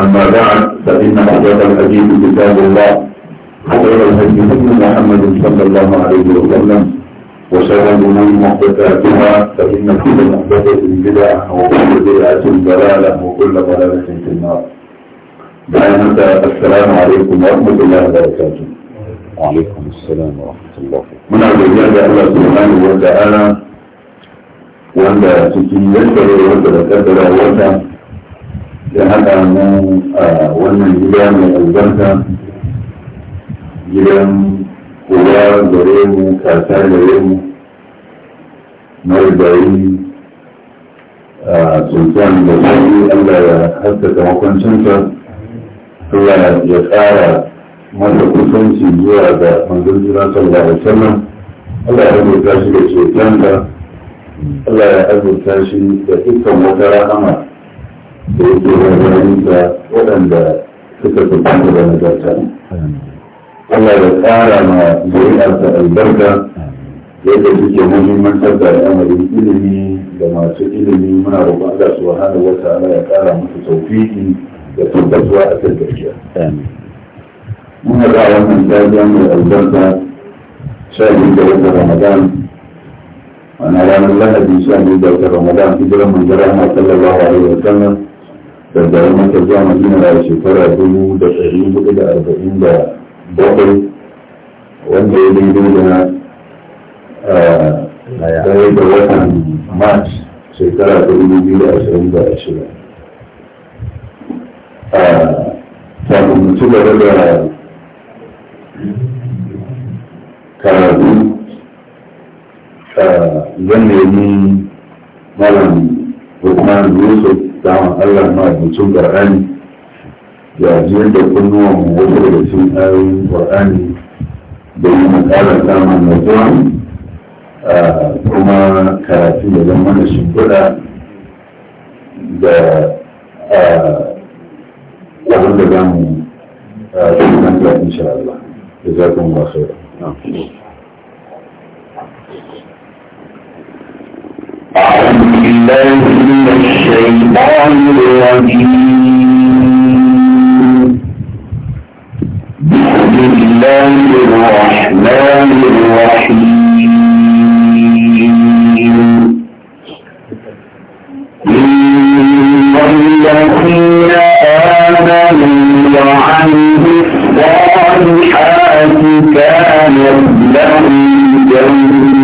أما بعد فإن أصدق الحديث كتاب الله وخير الهدي هدي محمد صلى الله عليه وسلم وشر الأمور محدثاتها فإن كل محدثة بدعة وكل بدعة ضلالة وكل ضلالة في النار. دعنا السلام عليكم ورحمة الله وبركاته. وعليكم السلام ورحمة الله وبركاته. من أجل الله سبحانه وتعالى وأنت تتيسر وأنت وأن تتبع وأن da haɗa mu a wannan gida mai albarka gidan kowa gare mu kasa gare mu marigayi a sultan da shi allah ya haskaka makwancinsa allah ya ƙara masa kusanci zuwa ga manzon jira sallallahu alaihi wasallam allah ya rubuta shi da cetonsa allah ya azurta shi da dukkan wata rahama da yake rarrari da waɗanda suka tafi da nagarta. Allah da tsara ma zuri'arsa albarka yadda suke muhimmantar da al'amarin ilimi da masu ilimi muna roƙon Allah subhanahu wa ta'ala ya ƙara musu tawfiki da tabbatuwa a kan gaskiya. Muna ga wannan dajiya mai albarka sha biyu da wata Ramadan ana ranar Lahadi sha biyu da wata Ramadan hijiran manzara na sallallahu alaihi wa sallam daga maka zuwa madina da shekara dubu da ɗari hudu da arba'in da bakwai wanda ya daidai da ɗaya ah, da watan march shekara dubu biyu da ashirin da ashirin ah, kafin mu ci gaba da karatu ah, zan nemi malam Usman Yusuf bawan Allah mahaifin Qur'ani ya jiyar da kunnuwan wasu daga cikin ayoyin Qur'ani da yi makalar samun natsuwa kuma karatu da zama da shimfiɗa da abin da za mu tunanta insha Allah da za kuma wasu أعوذ بالله من الشيطان الرجيم بسم الله الرحمن الرحيم إن الذين آمنوا وعملوا الصالحات كانت لهم جنات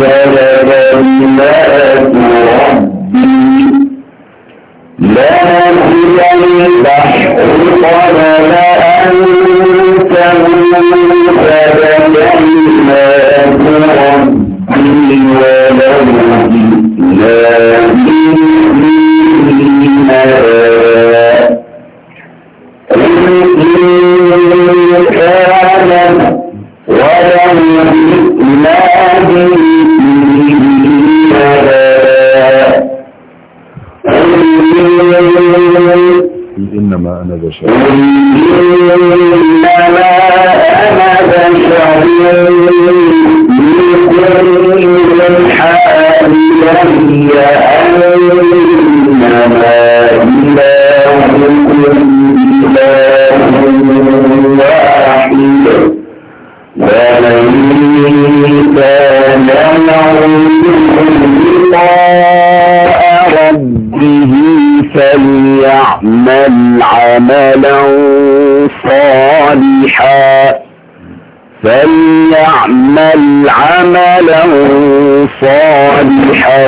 ورحمة ربي لا هي البحر قبل أن تموت فبينات ربي ولو جئنا بمثله إن كان إنما أنا بشر إنما أنا بشر يقول الحال أنما عملا صالحا فليعمل عملا صالحا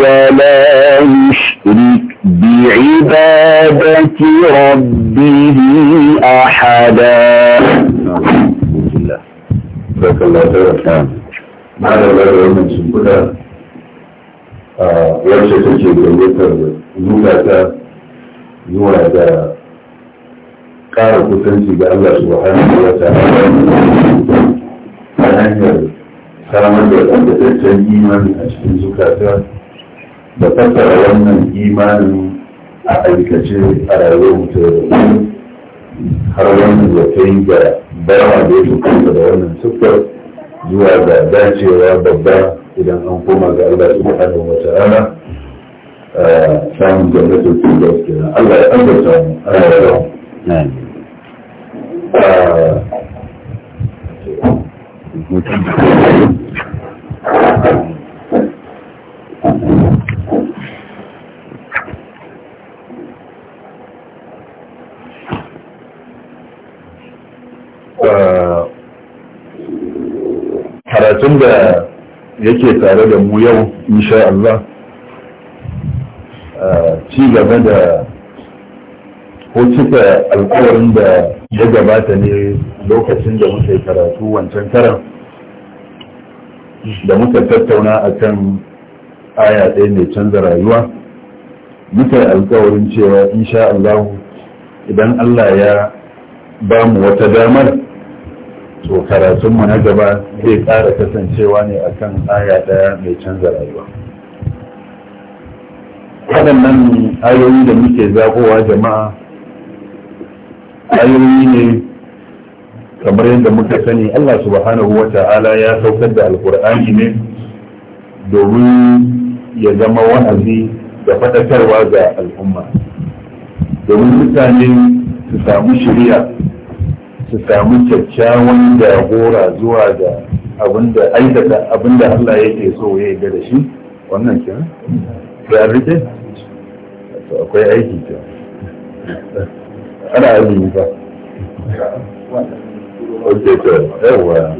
ولا يشرك بعبادة ربه أحدا نعم. بارك الله خيرا الله من سنبدا yaushe take ƙara kusanci ga Allah subhanahu wa ta'ala ta hanyar samar da tabbataccen imani a cikin zukata da fassara wannan imanin a aikace a rayuwar mutum har wannan ya kai ga bawa da ya tukanta da wannan siffar zuwa ga dacewa babba idan an koma ga Allah subhanahu wa ta'ala samun jannatin su gaskiya Allah ya ambata mu Allah ya karatun da yake tare da mu yau insha Allah ci gaba da ko cika alkawarin da ya gabata ne lokacin da muka yi karatu wancan karan da muka tattauna a kan aya ɗaya mai canza rayuwa muka yi alkawarin cewa insha Allah idan Allah ya ba mu wata damar to karatunmu na gaba zai ƙara kasancewa ne akan aya ɗaya mai canza rayuwa waɗannan ayoyi da muke zaɓowa jama'a ayoyi ne kamar yadda muka sani Allah subhanahu wa ta'ala ya saukar da alkur'ani ne domin ya zama wa'azi da fadakarwa ga al'umma domin mutane su samu shirya su samu kyakkyawan jagora zuwa ga abinda aikata abinda Allah yake so ya yi da shi wannan kyan? ya rike akwai aiki ta ana azumi ba wadda ta yawa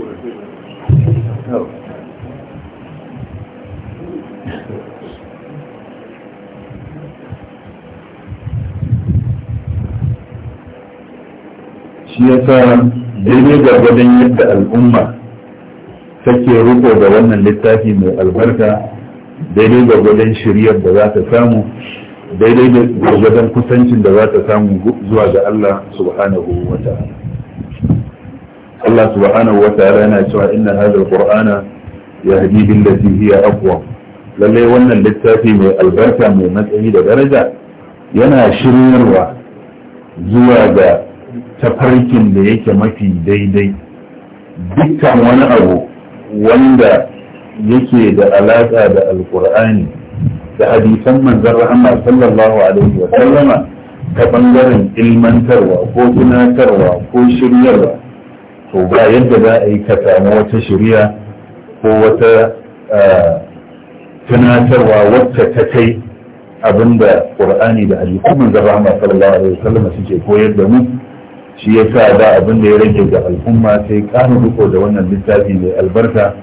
shi ya sa daidai gwargwadon yadda al'umma take riko da wannan littafi mai albarka daidai gwargwadon shiryar da za ta samu daidai da gwargwadon kusancin da za ta samu zuwa ga Allah subhanahu wa ta'ala Allah subhanahu wa ta'ala yana cewa inna hadha al-qur'ana yahdi billati hiya aqwa lalle wannan littafi mai albarka mai matsayi da daraja yana shiryarwa zuwa ga tafarkin da yake mafi daidai dukkan wani abu wanda yake da alaƙa da alƙur'ani da hadisan manzon rahama sallallahu alaihi wa sallama ta bangaren ilmantarwa ko tunatarwa ko shiryarwa to ba yadda za a yi ka samu wata shirya ko wata tunatarwa wacce ta kai abinda qur'ani da hadisan manzon rahama sallallahu alaihi wa sallama suke koyar da mu shi ya sa ba abin da ya rage ga al'umma sai ƙara riko da wannan littafi mai albarka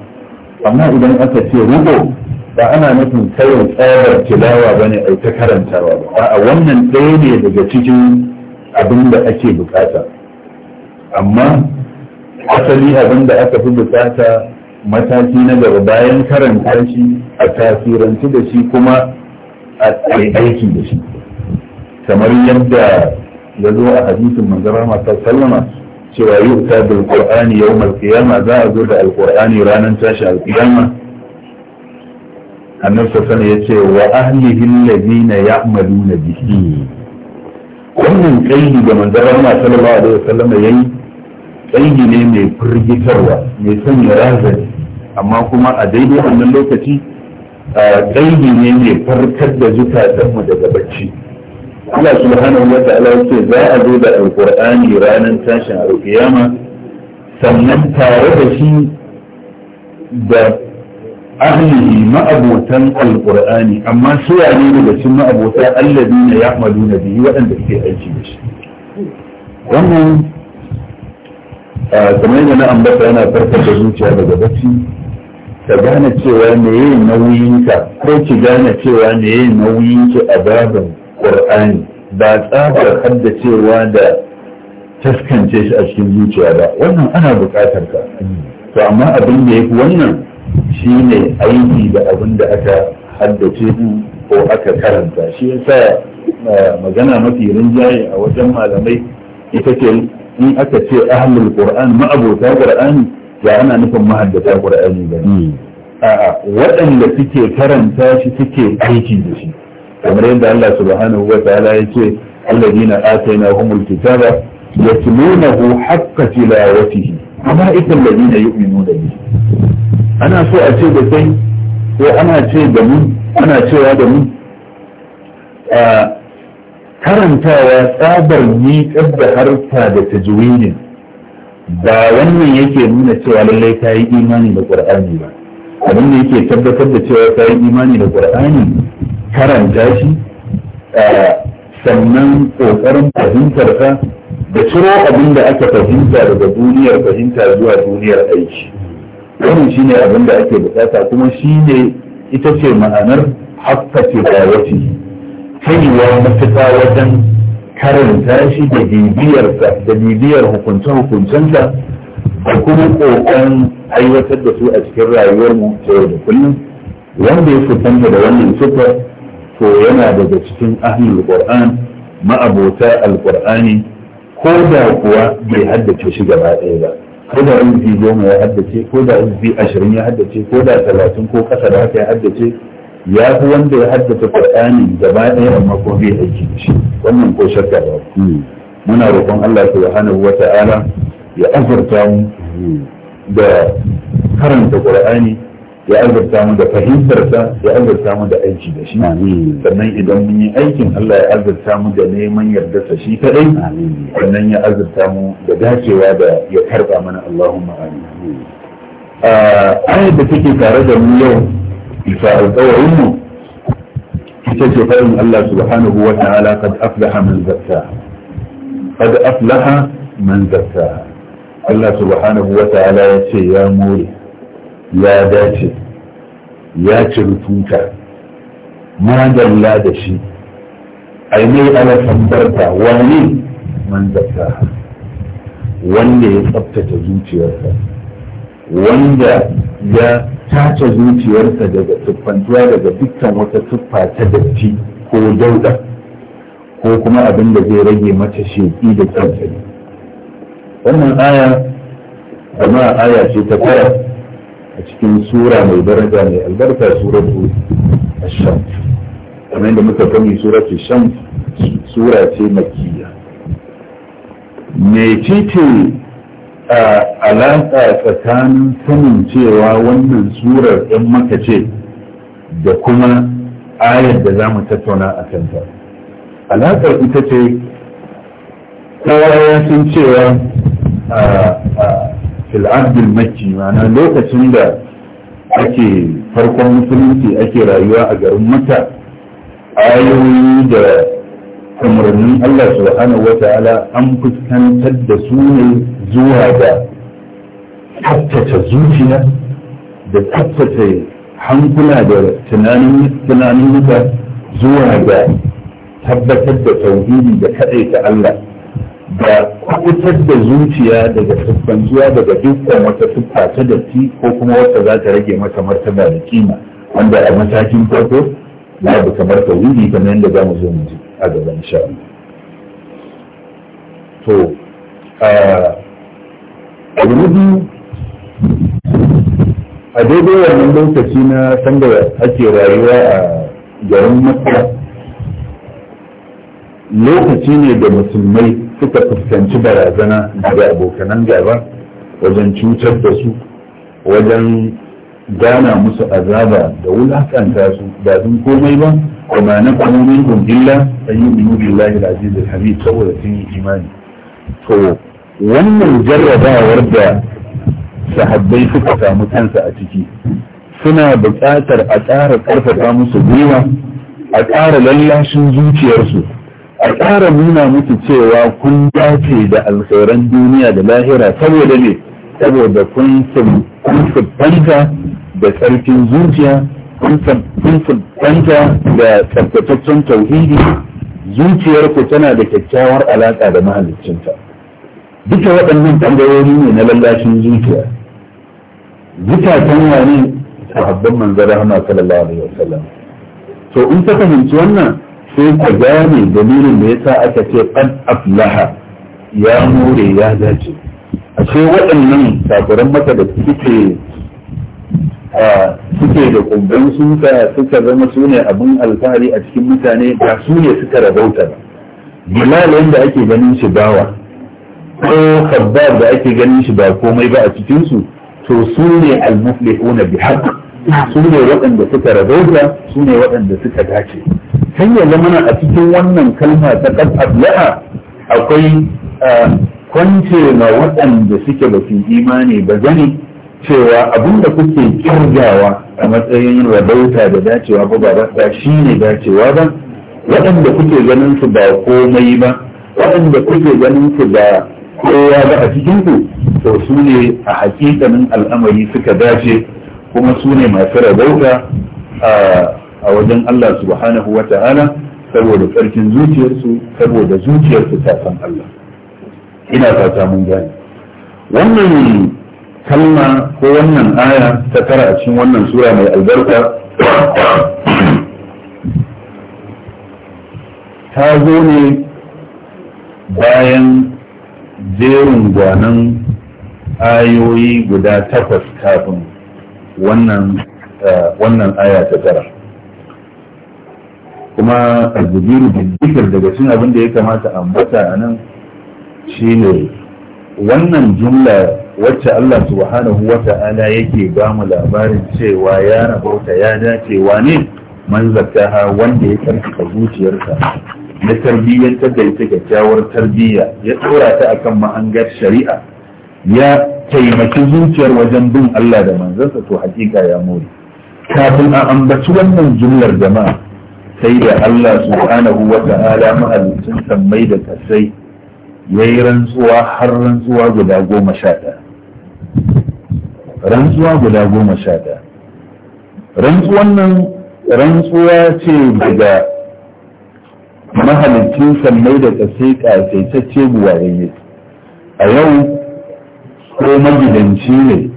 amma idan aka ce riko ba ana nufin kawai tsabar tilawa ba ne ta karantawa ba a wannan ɗaya ne daga cikin abin da ake bukata amma asali abin da aka fi bukata mataki na gaba bayan karanta shi a tasiranci da shi kuma a aiki da shi kamar yadda ya zo a hadisin manzara masu sallama cewa yi ta da alƙur'ani yau malƙiyama za a zo da alƙur'ani ranar tashi alƙiyama annabi sallallahu ya ce wa ahlihi alladhina ya'maluna bihi wannan kaidi da manzon Allah sallallahu alaihi wasallam yayi kaidi ne mai firgitarwa mai sanya razani amma kuma a daidai wannan lokaci kaidi ne mai farkar da mu daga bacci Allah subhanahu wa ta'ala ce za a zo da alqur'ani ranar tashin alƙiyama sannan tare da shi da ahlihi ma'abotan alqur'ani amma su ya ne daga cikin ma'abota alladina na bihi waɗanda suke aiki da shi wannan kamar yadda na ambata yana farkar da zuciya daga bacci ka gane cewa me yayi ka, ko ki gane cewa me yayi nauyinki a baban qur'ani ba tsabar haddacewa da taskance shi a cikin zuciya ba wannan ana buƙatar ka to amma abin da yafi wannan shi ne aiki da abin da aka haddace ko aka karanta shi yasa ah, magana mafi rinjaye a wajen malamai ita ce in aka ce ahlul qur'an ma'abota qur'ani ya ana nufin mahaddata qur'ani ba hmm. a'a waɗanda suke karanta shi suke aiki da shi kamar yadda Allah subhanahu wa ta'ala ya ce alladina atainahumul kitaba yatlunahu haqqa tilawatihi أولئك الذين يؤمنون به ana so a ce da kai ko ana ce da mu ana cewa da mu a karantawa tsabar miƙar da harta da tajwidin ba wannan yake nuna cewa lallai ta yi imani da ƙur'ani ba abin da yake tabbatar da cewa ta yi imani da ƙur'ani karanta shi sannan ƙoƙarin fahimtar da ciro abin da aka fahimta daga duniyar fahimta zuwa duniyar aiki wannan shine abin da ake bukata kuma shine ita ce ma'anar haffa ce kawaci kaiwa mafita wajen karanta shi da bibiyarsa da bibiyar hukunce-hukuncensa da kuma kokarin aiwatar da su a cikin rayuwarmu ta yau da kullum wanda ya fitanta da wannan sufa to yana daga cikin ahlul qur'an ma'abota alqur'ani ko da kuwa bai haddace shi gaba ɗaya ba ko da izi goma ya haddace ko da izi ashirin ya haddace ko da talatin ko kasa da haka ya haddace ya fi wanda ya haddace qur'ani gaba ɗaya amma ko bai aiki da shi wannan ko shakka ba hmm. muna roƙon Allah subhanahu wa ta'ala ya azurta mu hmm. da karanta qur'ani ya azurta mu da fahimtarsa ya azurta mu da aiki da shi sannan idan mun yi aikin Allah ya azurta mu da neman yardarsa shi kadai sannan ya azurta mu da dacewa da ya karba mana Allahumma amin ayar da take tare da mu yau bisa alƙawarin mu ita ce faɗin Allah subhanahu wa ta'ala qad aflaha man zakkaha qad aflaha man zakkaha Allah subhanahu wa ta'ala ya ce ya more ya dace ya ciri tuta madalla da shi mai alasan barka wani man zaka wanda ya tsabtace zuciyarsa wanda ya tace zuciyarsa daga tuffantuwa daga dukkan wata tuffa ta datti ko dauda ko kuma abin da zai rage mata sheƙi da tsantsani wannan aya jama'a aya ce ta fara a cikin sura mai daraja mai albarka suratu asham kamar da muka sani suratu sham sura ce makiyya mecece a alaƙa tsakanin sanin cewa wannan surar ɗan maka ce da kuma ayar da za mu tattauna a kanta alaƙar ita ce kowa ya san cewa fil abdul makki ma'ana lokacin da ake farkon musulunci ake rayuwa a garin mata ayoyi da umarnin Allah subhanahu wa ta'ala an fuskantar da su ne zuwa da tsaftace zuciya da tsaftace hankula da tunanin muka zuwa da tabbatar da tauhidi da kaɗai ta Allah da kubutar da zuciya daga zuwa daga dukkan wata siffa ta datti ko kuma wata za ta rage mata martaba da kima wanda a matakin farko na bu kamar tauhidi kamar yadda za mu zo mu ji a gaba insha to a na a daidai wannan lokaci na sanda ake rayuwa a garin makka lokaci ne da musulmai suka fuskanci barazana daga abokanan gaba wajen cutar da su wajen gana musu azaba da wulakanta su ba sun komai ba kuma na kwanan an yi binu billahi aziz al saboda sun yi imani to wannan jarrabawar da sahabbai suka samu kansa a ciki suna buƙatar a ƙara ƙarfafa musu gwiwa a ƙara lallashin zuciyarsu a ƙara nuna muku cewa kun dace da alkhairan duniya da lahira saboda ne saboda kun siffanta da tsarkin zuciya kun siffanta da tsabtataccen tauhidi zuciyarku tana da kyakkyawar alaƙa da mahaliccinta duka waɗannan ɓangarori ne na lallashin zuciya zukatan wane sahabban manzara hama sallallahu alaihi wasallam to in ka fahimci wannan sai ka gane dalilin da yasa aka ce qad aflaha ya more ya dace ashe waɗannan kafiran maka da suke suke da kumban suka suka zama su ne abin alfahari a cikin mutane ba su ne suka rabauta ba bilal yadda ake ganin shi bawa ko khabbab da ake ganin shi ba komai ba a cikin su to su ne almuflihuna bi haqq su ne waɗanda suka rabauta su ne waɗanda suka dace kan ya zama a cikin wannan kalma ta ƙasa akwai kwance na waɗanda suke ba su imani ba zane cewa abinda kuke kirgawa a matsayin rabauta da dacewa ba ba ba shi ne dacewa ba waɗanda kuke ganin su ba komai ba waɗanda kuke ganin su ba kowa ba a cikinku, to su ne a hakikanin al'amari suka dace kuma su ne masu rabauta a a wajen Allah subhanahu wa ta'ala saboda ƙarfin zuciyarsu saboda zuciyarsu ta san Allah ina fata mun gane wannan kalma ko wannan aya ta tara a cikin wannan sura mai albarka ta zo ne bayan jerin gwanan ayoyi guda takwas kafin wannan eh, aya ta tara kuma albudiru bidikar daga cin abin da ya kamata ambata a nan ne. wannan jumla wacce Allah subhanahu wa ta'ala yake ba mu labarin cewa ya rabauta ya dace wane man zakaha wanda ya karfafa zuciyarsa na tarbiyyantar da ita kyakkyawar tarbiyya ya tsora ta akan ma'angar shari'a ya taimaki zuciyar wajen bin Allah da manzansa to hakika ya more kafin a ambaci wannan jumlar jama'a sai da Allah subhanahu wa ta'ala mahalicin sammai da kasai ya yi rantsuwa har rantsuwa guda goma sha ɗaya rantsuwa guda goma sha ɗaya rantsuwan nan rantsuwa ce daga mahalicin sammai da kasai ƙasaitacce buwaye a yau ko magidanci ne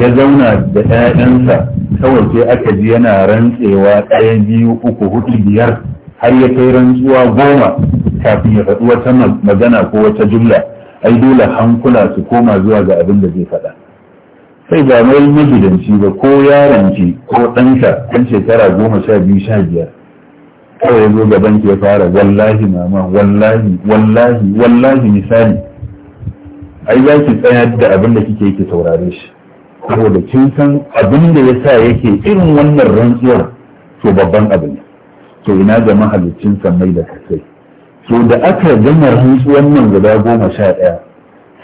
ya zauna da 'ya'yansa kawai sai aka ji yana rantsewa ɗaya biyu uku hudu biyar har ya kai rantsuwa goma kafin ya faɗi wata magana ko wata jumla ai dole hankula su koma zuwa ga abin da zai faɗa sai ba mai magidanci ba ko yaronki ko ɗanka ɗan shekara goma sha biyu sha biyar kawai zo gaban ya fara wallahi mama wallahi wallahi wallahi misali ai za ki tsayar da abin da kike ki taurare shi saboda kin san abin da ya sa yake irin wannan rantsuwar to babban abu ne to ina ga mahalicin sammai da kasai to da aka gama rantsuwan nan guda goma sha ɗaya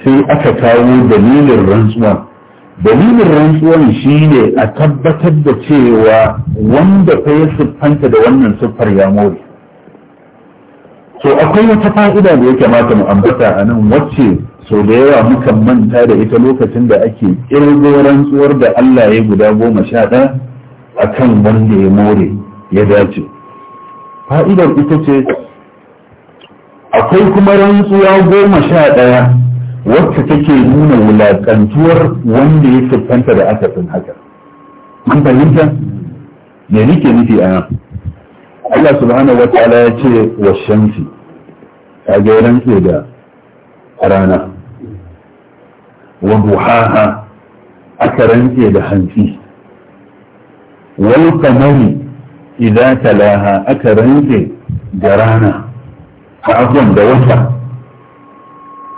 sai aka kawo dalilin rantsuwa dalilin rantsuwan shi ne a tabbatar da cewa wanda fa yi siffanta da wannan siffar ya more to akwai wata fa'ida da ya kamata mu ambata a nan wacce sau da yawa muka manta da ita lokacin da ake ƙirgo rantsuwar da Allah ya guda goma sha ɗaya a kan wanda ya more ya dace fa'idar ita ce akwai kuma rantsuwa goma sha ɗaya wacce take nuna wulaƙantuwar wanda ya siffanta da akasin haka mun fahimta me nake nufi a nan Allah subhanahu wa ta'ala ya ce wa shamsi kaga rantse da rana wa duhaha aka rantse da hantsi wal kamari idza talaha aka rantse da rana a afwan da wata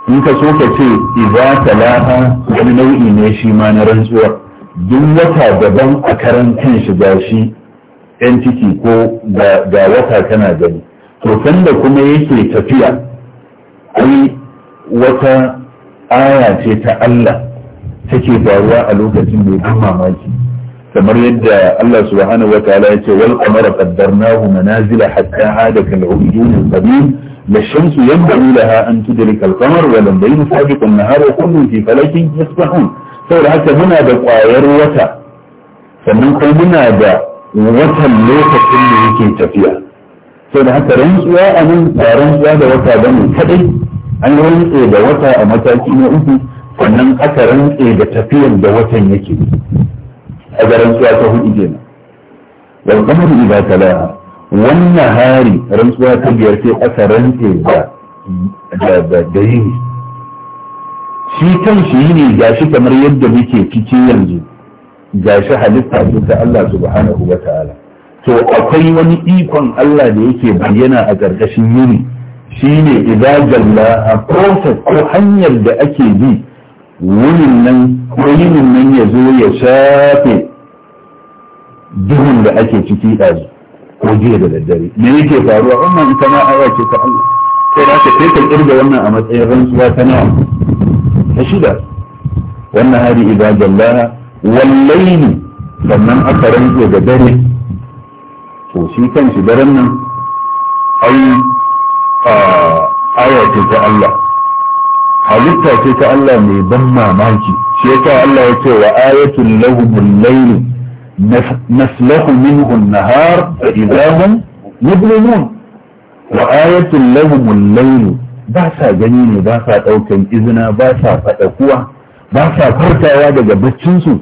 in ka so ka ce idza talaha wani nau'i ne shi ma na rantsuwa duk wata daban a karan kan shi gashi yan ciki ko ga wata kana gani to sanda kuma yake tafiya ai wata aya ce ta Allah take faruwa a lokacin mai ban mamaki kamar yadda Allah subhanahu wataala ya ce wal qamara qaddarnahu manazila hatta hada kal urjun al qadim la shamsu yanbaghi laha an tudrika al qamar wa lam bayna sabiq an nahar wa kullun fi falakin yasbahun saboda haka muna da kwayar wata sannan kuma muna da watan lokacin da yake tafiya saboda haka rantsuwa a nan ba rantsuwa da wata bane kadai an rantse da wata a mataki na uku sannan aka rantse da tafiyan da watan yake a ga rantsuwa ta hudu kenan wal qamari idza talaha wannan hari rantsuwa ta biyar sai aka rantse da da da yini shi kan shi ne gashi kamar yadda muke ciki yanzu gashi halitta ce ta Allah subhanahu wa ta'ala to akwai wani ikon Allah da yake bayyana a ƙarƙashin yini shine idza jalla a ko hanyar da ake bi wurin nan nan ya zo ya shafe duhun da ake ciki ɗazu ko jiya da daddare me yake faruwa wannan ita ma aya ce ta Allah sai za ka kai kirga wannan a matsayin rantsuwa ta nawa ta shida wannan hari idza jalla wallaini sannan aka rantsa da dare to shi kan shi daren nan ai aya ce ta Allah halitta ce ta Allah mai ban mamaki shi Allah ya ce wa ayatul lahumul layl naslahu minhu an-nahar fa idahum yublimun wa ayatul lahumul layl ba sa gani ne ba sa daukan izina ba sa fada kuwa ba sa farkawa daga baccin su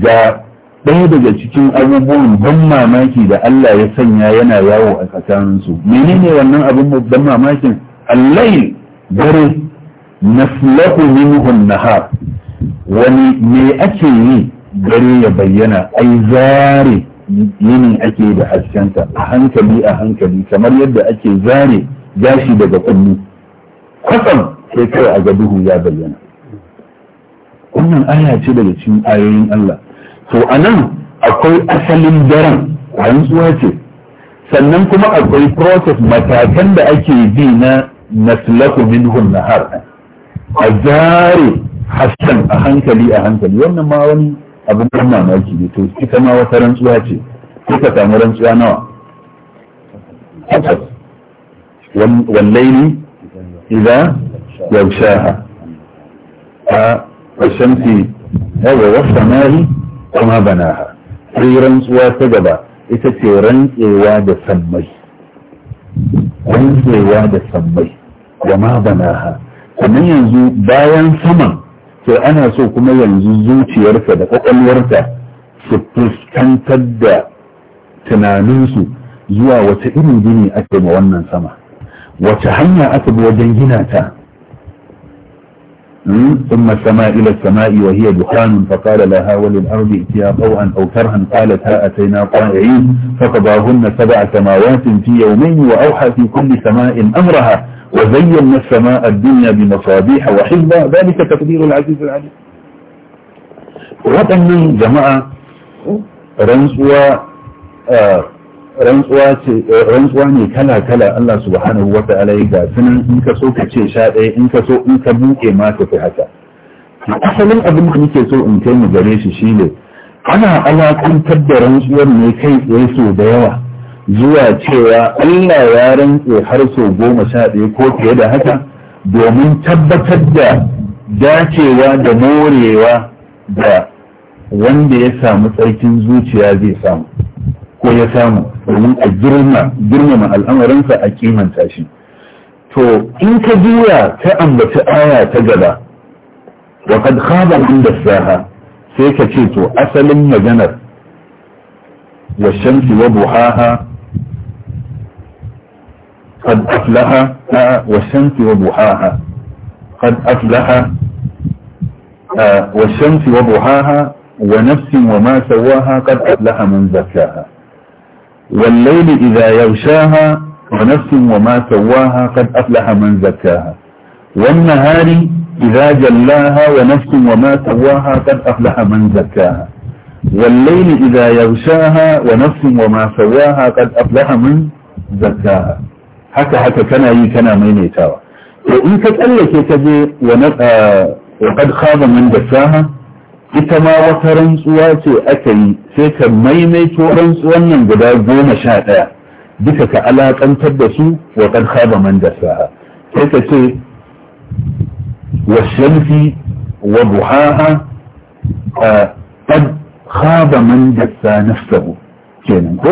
ga ɗaya daga cikin abubuwan ban mamaki da Allah ya sanya yana yawo a tsakaninsu menene wannan abin ban mamakin allai dare naslahu minhu nahar wani me ake yi dare ya bayyana ai zare yini ake da haskenta a hankali a hankali kamar yadda ake zare gashi daga kullu kwatsam sai kai a ga duhu ya bayyana wannan aya ce daga cikin ayoyin Allah to anan akwai asalin daren rantsuwa ce sannan kuma akwai process matakan da ake bi na naslaku minhun nahar a zare hassan a hankali a hankali wannan ma wani abin ban mamaki ne to ita ma wata rantsuwa ce kuka samu rantsuwa nawa takwas wallaini idza yaushaha a washamsi yawa wasamari kuma banaha sai rantsuwa ta gaba ita ce rantsewa da sammai rantsewa da sammai kuma banaha kuma yanzu bayan saman sai ana so kuma yanzu zuciyarsa da kwakwalwarsa su fuskantar da tunaninsu zuwa wace irin gini ake ma wannan sama wace hanya aka bi wajen gina ta ثم سما إلى السماء وهي دخان فقال لها وللأرض ائتيا طوعا أو كرها قالت ها أتينا طائعين فقضاهن سبع سماوات في يومين وأوحى في كل سماء أمرها وزينا السماء الدنيا بمصابيح وحفظا ذلك تقدير العزيز العليم جماعة jama'a و آه، rantsuwa ne kala kala Allah subhanahu wa ta'ala ya ga sunan in ka so ka ce sha ɗaya in ka so in ka buke ma ka fi haka asalin abin da nake so in kai mu gare shi shine ana alakuntar da rantsuwar ne kai tsaye so da yawa zuwa cewa Allah ya rantse har so goma sha ɗaya ko fiye da haka domin tabbatar da dacewa da morewa da wanda ya samu tsarkin zuciya zai samu ko ya samu domin a girmama al'amuransa a kimanta shi to in ka juya ta ambaci aya ta gaba wa kad khaba man dassaha sai ka ce to asalin maganar wa shamsi wa duhaha قد أفلح والشمس وضحاها قد أفلح والشمس وضحاها ونفس وما سواها قد أفلح من زكاها والليل إذا يغشاها ونفس وما سواها قد أفلح من زكاها والنهار إذا جلاها ونفس وما سواها قد أفلح من زكاها والليل إذا يغشاها ونفس وما سواها قد أفلح من زكاها حتى حتى كان أي كان مين يتاوى وإن ka يتجي ونفع وقد wa من khaba ita ma wata rantsuwa ce aka yi sai ka maimaito rantsuwan nan guda goma sha ɗaya duka ka alaƙantar da su wa kan haɗa man da sa'a sai ka ce wa shamsi wa buhaha a ɗan haɗa man da sa nafsahu kenan ko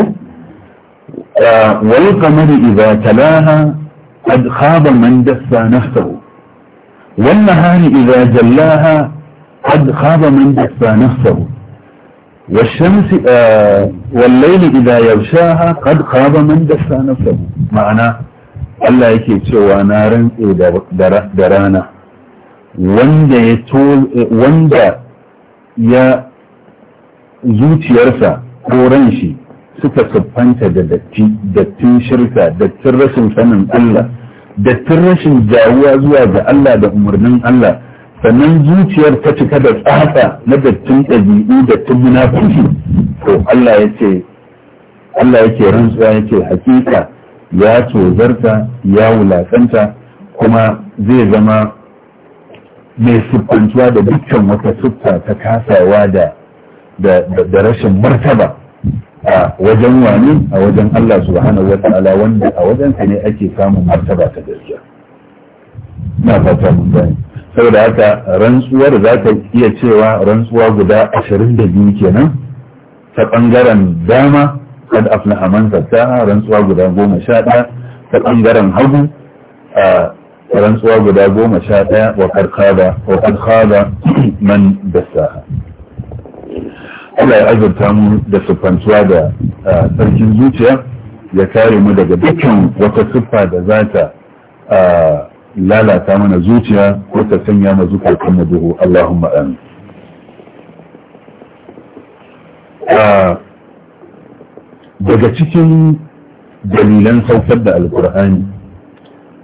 wal kamari idza talaha qad khaba man dassa nafsahu wan nahari idza jallaha قد خاب من دفى نفسه والشمس آه، والليل إذا يغشاها قد خاب من دفى نفسه معنى الله يكي تشوى نارا درانا وند يتول وند يا زوت يرسى قرنشي ستة سبحانك دتي دتي شركة دتي رسم فنم الله دتي رسم جاوى زوى الله دأمر من الله دا sannan zuciyar ta cika da tsafa na dattin ɗabi'u dattin munafiki to Allah ya ce Allah yake rantsuwa yake hakika ya tozarta ya wulatsanta kuma zai zama mai siffantuwa da dukkan wata siffa ta kasawa da da rashin martaba a wajen wani a wajen Allah subhanahu ta'ala wanda a wajensa ne ake samun martaba ta gaskiya na fata mun gani saboda haka rantsuwar za ta iya cewa rantsuwa guda ashirin da biyu kenan ta ɓangaren dama kad aflaha man zakkaha rantsuwa guda goma sha ɗaya ta ɓangaren hagu a rantsuwa guda goma sha ɗaya wa karkada wa karkada man dassaha Allah ya azurta mu da siffantuwa da sarkin zuciya ya kare mu daga dukkan wata siffa da za ta lalata mana zuciya ko ta sanya mu zukatan mu duhu Allahumma amin daga cikin dalilan saukar da alkur'ani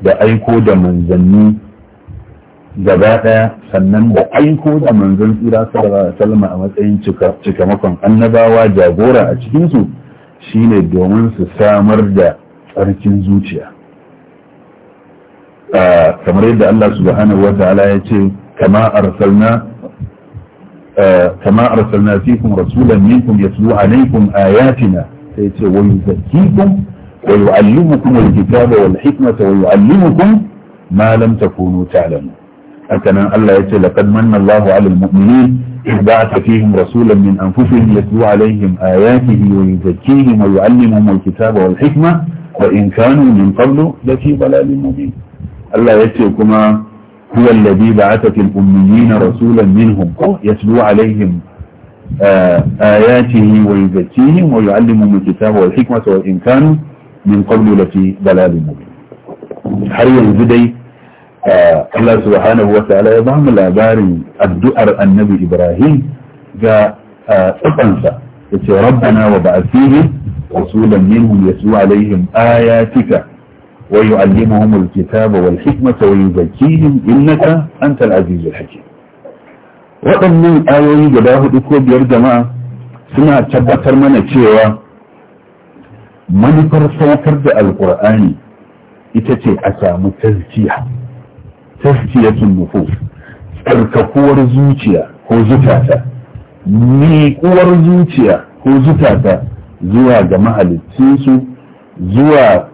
da aiko da manzanni gaba sannan da aiko da manzan tsira salama a matsayin cikamakon annabawa jagora a cikinsu shine domin su samar da tsarkin zuciya kamar yadda Allah subhanahu wa ta'ala ya ce kama arsalna kama arsalna fikum rasulan minkum yatlu alaykum ayatina sai ce wa yuzakkikum wa yu'allimukum alkitaba wal hikmata wa yu'allimukum ma lam takunu ta'lamun hakanan Allah ya ce laqad manna Allahu 'alal mu'minin إذ بعث فيهم رسولا من أنفسهم يتلو عليهم آياته ويزكيهم ويعلمهم الكتاب والحكمة وإن كانوا من قبل لفي ضلال مبين Allah ya ce kuma huwa alladhi ba'atha rasulan minhum oh. yatlu alaihim uh, ayatihi wa yuzakkihim in kanu min har yanzu dai uh, Allah subhanahu wa ya ba labarin addu'ar annabi Ibrahim ga uh, yace wa rasulan alaihim ويعلمهم الكتاب والحكمة ويزكيهم إنك أنت العزيز الحكيم waɗannan ayoyi guda hudu ko biyar jama'a suna tabbatar mana cewa manufar saukar da alkur'ani ita ce a samu tazkiya tazkiyatun nufus tsarkakuwar zuciya ko zutata miƙuwar zuciya ko zutata zuwa ga mahalicinsu zuwa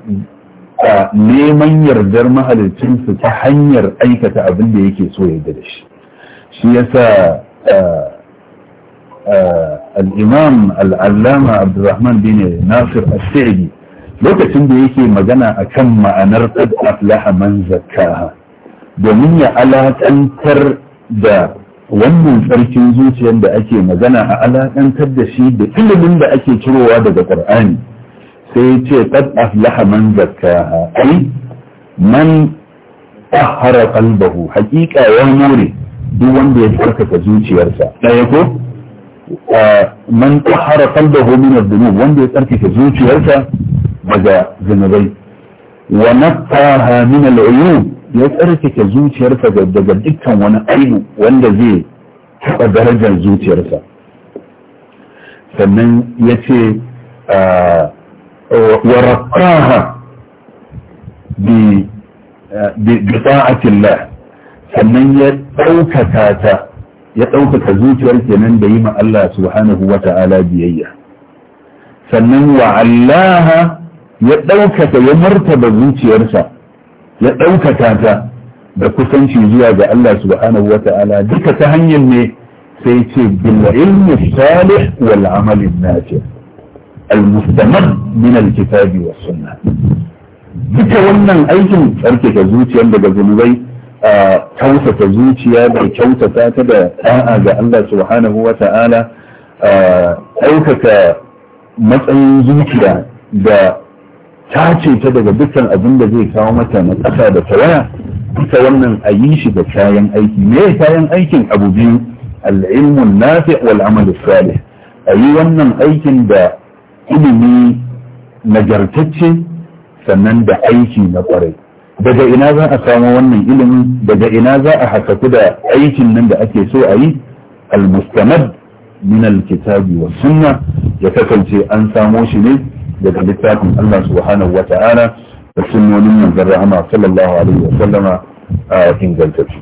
neman yardar mahalicinsu ta hanyar aikata abin da yake so ya da shi shi yasa eh, eh, al'imam al'allama abdurrahman bin nasir al-sa'idi lokacin da yake magana a kan ma'anar qad aflaha man domin ya alaƙantar da wannan tsarkin zuciyar da ake magana a alaƙantar da shi da ilimin da ake cirowa daga ƙur'ani sai ce qad aflaha man zakkaha ai man tahara qalbahu haqiqa ya more duk wanda ya tsarkaka zuciyarsa ɗaya ko man tahara qalbahu min adh-dhunub wanda ya tsarkaka zuciyarsa daga zunubai wa nattaha min al-uyub ya tsarkake zuciyarsa daga dukkan wani aibu wanda zai taɓa darajar zuciyarsa sannan ya ce ورقاها بطاعة الله فمن يدعوك تاتا يدعوك تزوج والتنان بيما الله سبحانه وتعالى بيئية فمن وعلاها يدعوك تيمرت بزوج يرسى يدعوك تاتا بكثن شيزوها ذا الله سبحانه وتعالى ذكتهن يمي سيتي بالعلم الصالح والعمل الناجح Almustamar mustamad min al-kitabi duka wannan aikin tsarkake zuciya daga zunubai a tausata zuciya da kyautata ta da da'a ga Allah subhanahu wa ta'ala aikata matsayin zuciya da ce ta daga dukkan abin da zai kawo mata na ƙasa da tawaya duka wannan a yi shi da kayan aiki me kayan aikin abu biyu al'ilmun nafi wal amal salih a yi wannan aikin da ilimi nagartacce sannan da aiki na kwarai daga ina za a samu wannan ilimin daga ina za a ku da aikin nan da ake so a yi almustamad min alkitabi wa sunna ya kasance an samo shi ne daga littafin Allah subhanahu wa ta'ala da sunnonin manzon rahama sallallahu alaihi wa sallama a ingantacce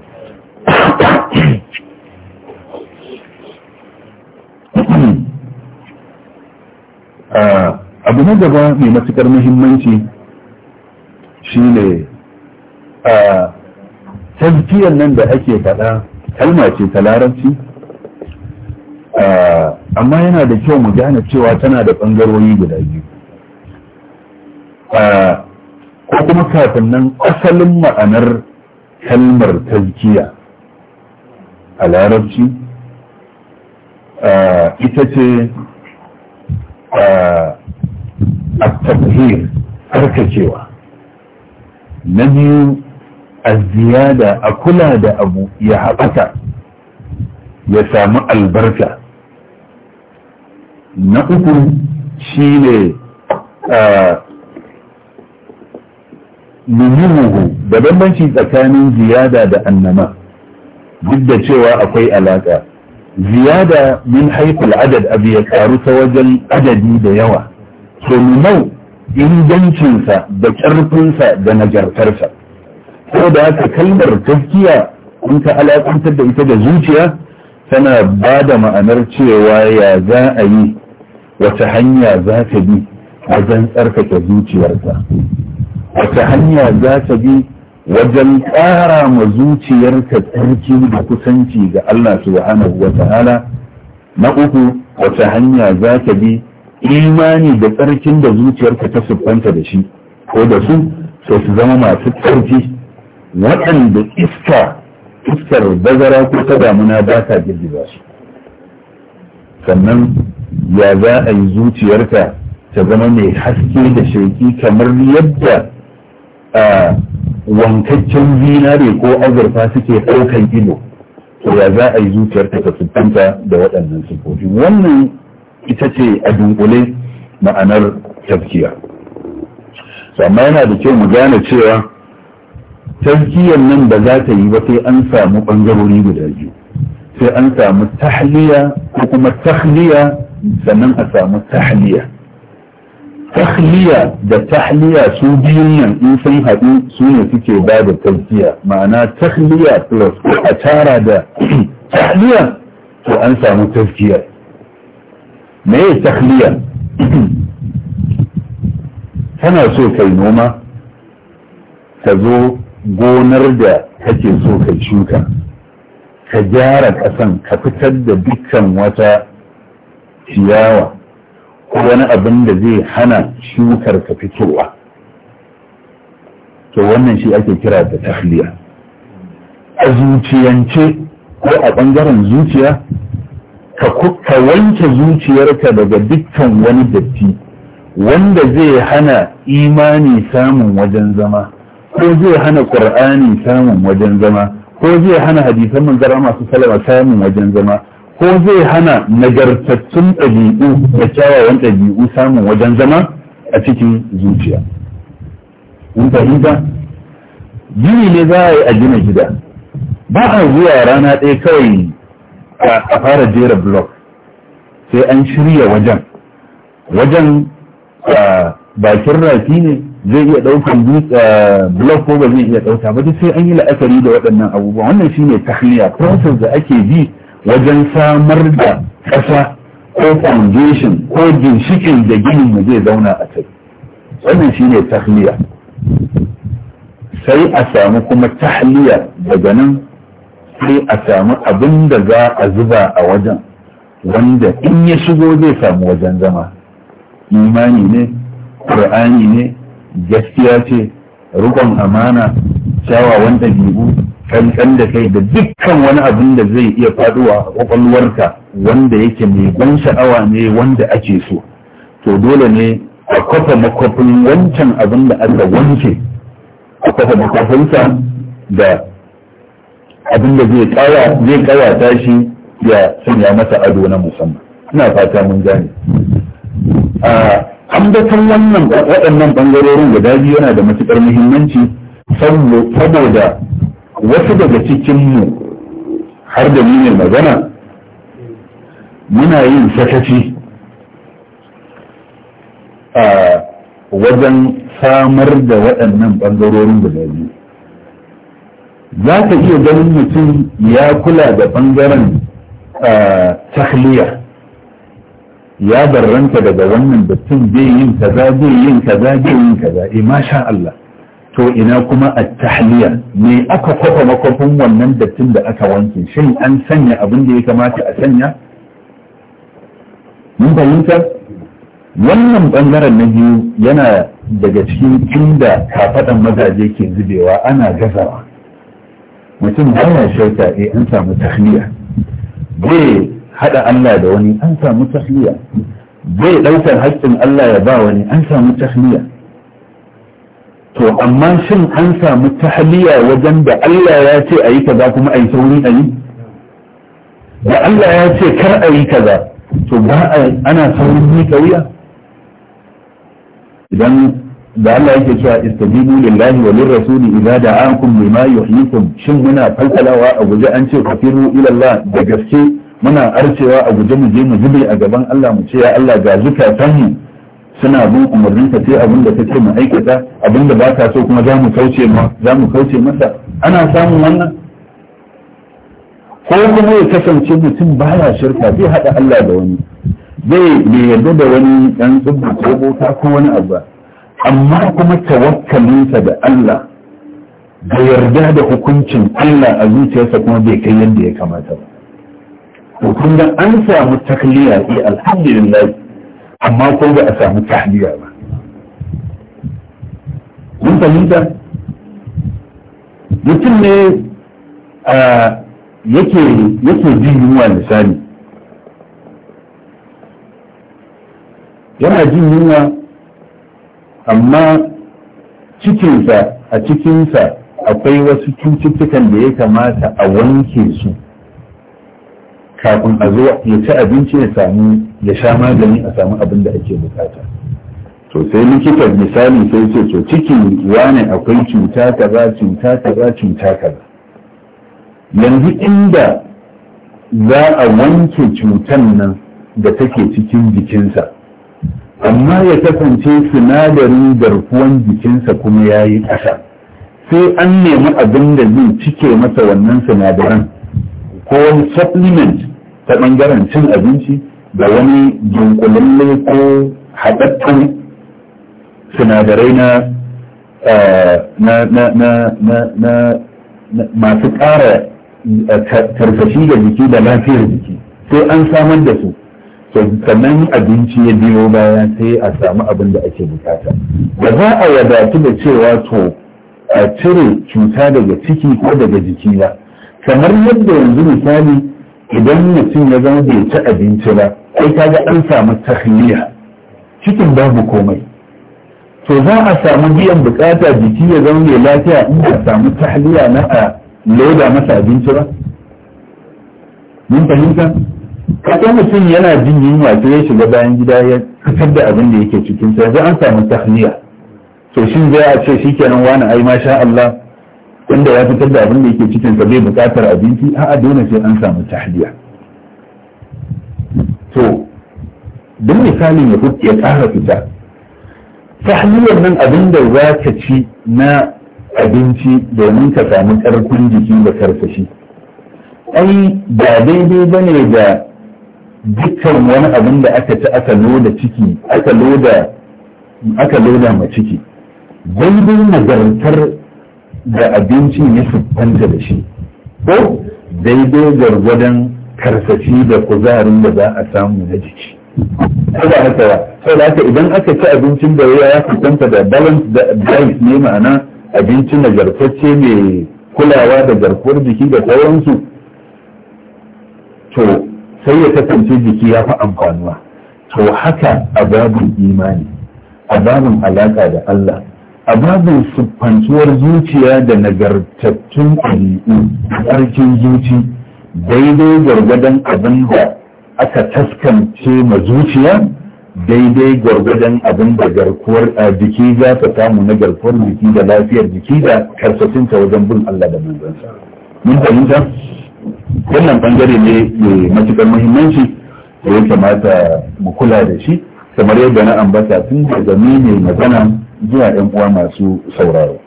abu na gaba mai matukar muhimmanci shi shine tazkiyar nan da ake faɗa kalma ce ta larabci amma yana da kyau mu gane cewa tana da ɓangarori guda biyu ko kuma kafin nan asalin ma'anar kalmar tazkiya a larabci ita ce a tafiyar karkacewa na biyu a ziyada a kula da abu ya haɓata ya samu albarka na uku shi ne muhimmuhu da bambanci tsakanin ziyada da annama duk da cewa akwai alaƙa ziyada min haikul adad abu ya karu ta wajen adadi da yawa to nau ingancinsa da ƙarfinsa da nagartarsa ko da haka kalmar gaskiya in ka alaƙantar da ita da zuciya tana ba da ma'anar cewa ya za a yi wata hanya za ta bi wajen tsarkake zuciyarsa wata hanya za ta bi wajen ƙara ma zuciyarka tsarki da kusanci ga Allah subhanahu wa ta'ala na uku wata hanya za ka bi imani da tsarkin da zuciyarka ta siffanta da shi ko da su sai su zama masu tsarki waɗanda iska iskar bazara ko ta damuna ba ta girgiza su sannan ya za a yi zuciyarka ta zama mai haske da shirki kamar yadda wankaccen zinare ko azurfa suke ɗaukan ido to ya za a yi zuciyar ta siffanta da waɗannan siffofi wannan ita ce a dunkule ma'anar tafkiya amma yana da kyau mu gane cewa tafkiyar nan ba za ta yi ba sai an samu ɓangarori guda biyu sai an samu tahliya ko kuma tahliya sannan a samu tahliya tahliya da tahliya su biyun nan in sun haɗu su ne suke ba da tazkiya ma'ana tahliya plus ko a tara da tahliya to an samu tazkiya me ya tahliya tana so kai noma ka zo gonar da kake so kai shuka ka gyara ƙasan ka fitar da dukkan wata ciyawa ko wani abin da zai hana shukar ka fitowa to wannan shi ake kira da tahliya a zuciyance ko a ɓangaren zuciya ka wanke zuciyarka daga dukkan wani datti wanda zai hana imani samun wajen zama ko zai hana ƙur'ani samun wajen zama ko zai hana hadisan manzara masu salama samun wajen zama ko zai hana nagartattun ɗabi'u da kyawawan ɗabi'u samun wajen zama a cikin zuciya mun fahimta gini ne za a yi a gina gida ba a zuwa rana ɗaya kawai a fara jera blok sai an shirya wajen wajen bakin rafi ne zai iya ɗaukan blok ko ba zai iya ɗauka ba sai an yi la'akari da waɗannan abubuwa wannan shine tahliya process da ake bi wajen samar da ƙasa ko foundation ko ginshikin da ginin mu zai zauna a kai wannan shine tahliya sai a samu kuma tahliya daga nan sai a samu abin da za a zuba a wajen wanda in ya shigo zai samu wajen zama imani ne ƙur'ani ne gaskiya ce rikon amana kyawawan ɗabi'u kankan da kai da dukkan wani abin da zai iya faduwa a kwakwalwarka wanda yake mai ban sha'awa ne wanda ake so to dole ne a kwafa makwafin wancan abin da aka wanke a kwafa makwafinsa da abin da zai kaya zai kaya tashi ya sanya masa ado na musamman ina fata mun gane ambatan wannan waɗannan bangarorin guda biyu yana da matuƙar muhimmanci saboda wasu daga cikinmu har da ne magana muna yin sakaci a wajen samar da waɗannan ɓangarorin guda biyu za ka iya ganin mutum ya kula da ɓangaren takliya, ya barranta daga wannan batun zai yin kaza zai yin kaza zai yin kaza e masha Allah to ina kuma a tahliya me aka kwafa makwafin wannan dattin da aka wanke shin an sanya abin da ya kamata a sanya mun fahimta wannan bangaren na biyu yana daga cikin inda kafaɗan mazaje ke zubewa ana gazawa mutum baya shauta eh an samu tahliya bai haɗa Allah da wani an samu tahliya bai ɗaukar haƙƙin Allah ya ba wani an samu tahliya to amma shin an samu tahliya wajen da Allah ya ce a yi kaza kuma a yi sauri a yi da Allah ya ce kar a yi kaza to ba ana saurin yi kauya idan da Allah yake cewa istajibu lillahi wa lirrasuli idza da'akum lima yuhyikum shin muna falsalawa a guje an ce kafiru ila Allah da gaske muna arcewa a guje mu je mu zube a gaban Allah mu ce ya Allah ga zukatan mu suna bin umarnin sai abin da take mu aikata abin da ba ta so kuma za mu kauce ma za mu kauce masa ana samun wannan ko kuma ya kasance mutum baya shirka zai haɗa Allah da wani zai bai yarda da wani ɗan tsubba ko bota ko wani abu amma kuma tawakkalinsa da Allah da yarda da hukuncin Allah a zuciyarsa kuma bai kai yadda ya kamata ba. To kun an samu takliya alhamdulillah amma ko ba a samu tahliya ba mun fahimta mutum ne yake yake jin yunwa misali yana jin yunwa amma cikinsa a cikinsa akwai wasu cututtukan da ya kamata a wanke su kafin a zo ya ci abinci ya samu ya sha magani a samu abin da ake bukata to sai likitan misali sai ce to ciki wane akwai cuta kaza cuta kaza cuta kaza yanzu inda za a wanke cutan nan da take cikin jikinsa amma ya kasance sinadarin garkuwan jikinsa kuma ya yi ƙasa sai an nemi abin da zai cike masa wannan sinadaran ko wani supplement ta ɓangaren cin abinci da wani dunkulalle ko haɗattun sinadarai eh, na masu ƙara eh, tarfashi da jiki da lafiyar jiki sai an samar da su sannan abinci ya biyo baya sai a samu abin da ake bukata ba za a wadatu da cewa to a cire cuta daga ciki ko daga jiki ba kamar yadda yanzu misali idan mutum ya zama bai ci abinci ba kai kaga an samu tahliya cikin babu komai to za a samu biyan bukata jiki ya zama mai lafiya in ba samu tahliya na a loda masa abinci ba mun fahimta kaga mutum yana jin yunwa sai ya shiga bayan gida ya fitar da abin da yake cikin sa yanzu an samu tahliya to shin zai a ce shikenan wani ai masha Allah wanda ya fitar da abin da yake cikin sa zai bukatar abinci a'a dole sai an samu tahliya to duk misalin ya ya ƙara fita tahliyar nan abin da za ka ci na abinci domin ka samu karfin jiki da karsashi ai ba daidai ba ne da dukkan wani abin da aka ci aka loda ciki aka loda aka loda ma ciki daidai nagartar da abinci ya siffanta da shi ko daidai gwargwadon karsashi da kuzarin da za a samu na jiki ko ba haka ba sau da haka idan aka ci abincin da ya siffanta da balance da diet ne ma'ana abinci nagartacce mai kulawa da garkuwar jiki da sauransu to sai ya kasance jiki ya fi amfanuwa to haka a babin imani a babin alaƙa da Allah a babin siffantuwar zuciya da nagartattun a ƙarfin zuci daidai gwargwadon abin da aka taskance ma zuciya daidai gwargwadon abin da garkuwar a jiki za ta samu na garkuwar jiki da lafiyar jiki da karsasinta wajen bin Allah da manzansa. Mun fahimta? Wannan bangare ne mai matuƙar muhimmanci da ya kamata mu kula da shi kamar yadda na ambata tun da ne magana zuwa ‘yan uwa masu sauraro.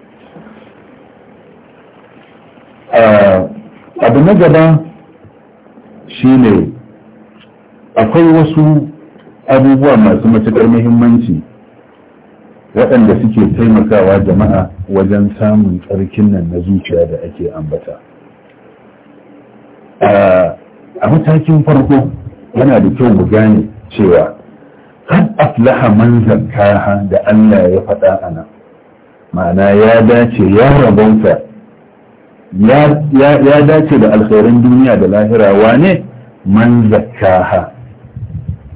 Ah, abu na gaba shi ne akwai wasu abubuwa masu matuƙar muhimmanci waɗanda suke taimakawa jama'a wajen samun tsarkin nan na zuciya da ake ambata. Ah, a matakin farko yana da kyau mu gane cewa kan aflaha man zakkaha da Allah ya faɗa a nan ma'ana ya dace ya rabonsa ya dace da alkhairin duniya da lahira wane man zakkaha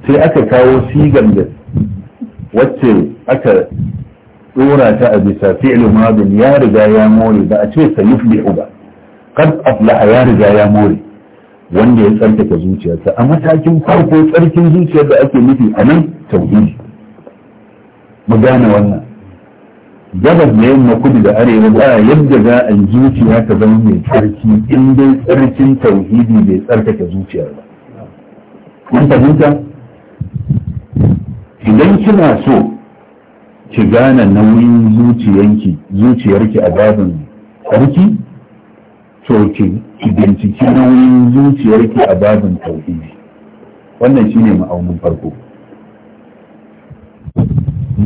sai aka kawo sigan da wacce aka dora ta a bisa fi'lu madin ya riga ya more ba a ce sayuflihu ba Kad aflaha ya riga ya more wanda ya tsarkake zuciyarsa a matakin farko tsarkin zuciyar da ake nufi a nan tauhidi mu gane wannan gabas da yamma kudu da arewa ba yadda za a yi zuciya ta zama mai tsarki in dai tsarkin tauhidi bai tsarkake zuciyar ba kun fahimta idan kina so ki gane nauyin zuciyarki zuciyarki a babin tsarki to ki binciki nauyin zuciyarki a babin tauhidi wannan shine ma'aunin farko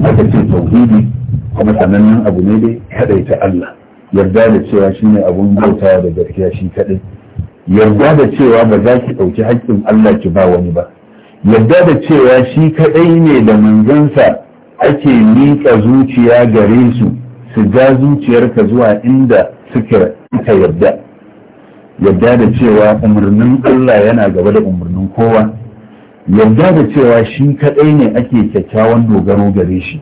aka ce tauhidi kuma sanannen abu ne dai kadai ta Allah yarda da cewa shi ne abun bautawa da gaskiya shi kadai yarda da cewa ba za ki ɗauki haƙƙin Allah ki ba wani ba yarda da cewa shi kadai ne da manzansa ake miƙa zuciya gare su su ga zuciyarka zuwa inda suka yarda yadda da cewa umarnin Allah yana gaba da umarnin kowa yadda da cewa shi kadai ne ake kyakkyawan dogaro gare shi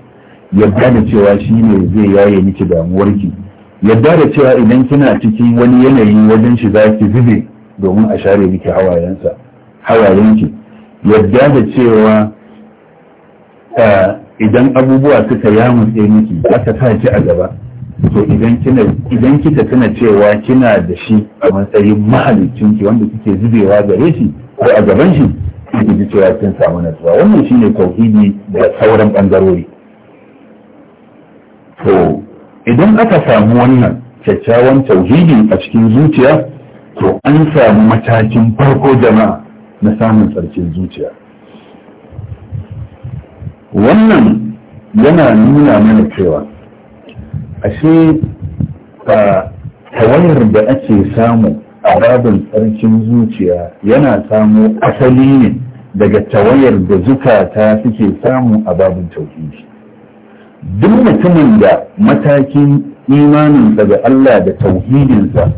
yadda da cewa shi ne zai yaye miki damuwarki yadda da cewa idan kina cikin wani yanayi wajen shi za ki zube domin a share miki hawayensa hawayenki yadda da cewa eh, idan abubuwa suka yamutse miki aka sa ki a gaba to idan kina idan kika tuna cewa kina da shi a matsayin mahalicin ki wanda kike zubewa gare shi ko a gaban shi kike ji cewa kin samu natsuwa wannan shine tauhidi da sauran bangarori to idan aka samu wannan kyakkyawan tauhidi a cikin zuciya to an samu matakin farko jama'a na samun tsarkin zuciya wannan yana nuna mana cewa ashe tawayar da ake samu a babin tsarkin zuciya yana samo asali ne daga tawayar da zukata suke samu a babin tauhidi duk mutumin da matakin imaninsa ga Allah da tauhidinsa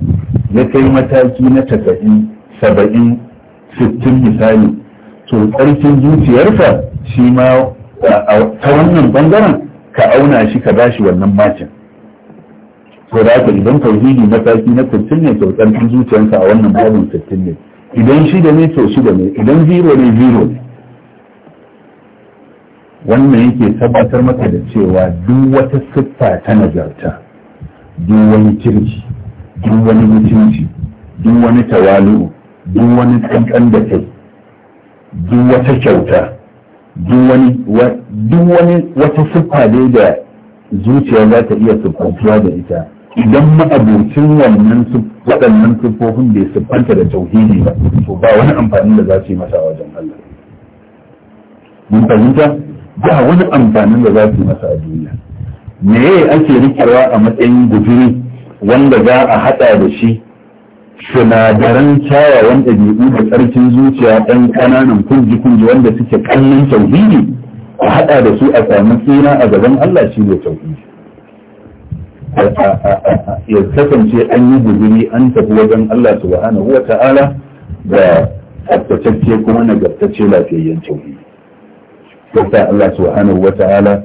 ya kai mataki na tasa'in saba'in sittin misali to tsarkin zuciyarsa shi ma ta wannan bangaren ka auna shi ka bashi wannan macin to da haka idan tauhidi mataki na sittin ne to tsarkin zuciyarsa a wannan babin sittin ne idan shi da ne to da ne idan zero ne zero ne wannan yake tabbatar maka da cewa duk wata siffa ta nazarta duk wani kirki duk wani mutunci duk wani tawalu duk wani kankan da kai duk wata kyauta duk wani wata siffa dai da zuciya za ta iya siffantuwa da ita idan ma'abocin wannan waɗannan siffofin bai siffanta da tauhidi ba to ba wani amfanin da za su yi masa a wajen Allah mun fahimta ba wani amfanin da za su yi masa a duniya me ake rikewa a matsayin guduri wanda za a haɗa da shi sinadaran kyawawan ɗabi'u da tsarkin zuciya ɗan ƙananan kunji-kunji wanda suke ƙannin tauhidi a haɗa da su a samu tsira a gaban Allah shi ne tauhidi ya kasance an yi guzuri an tafi wajen Allah subhanahu wa ta'ala da kuma na gaftacce lafiyayyen tauhi ta Allah subhanahu ta'ala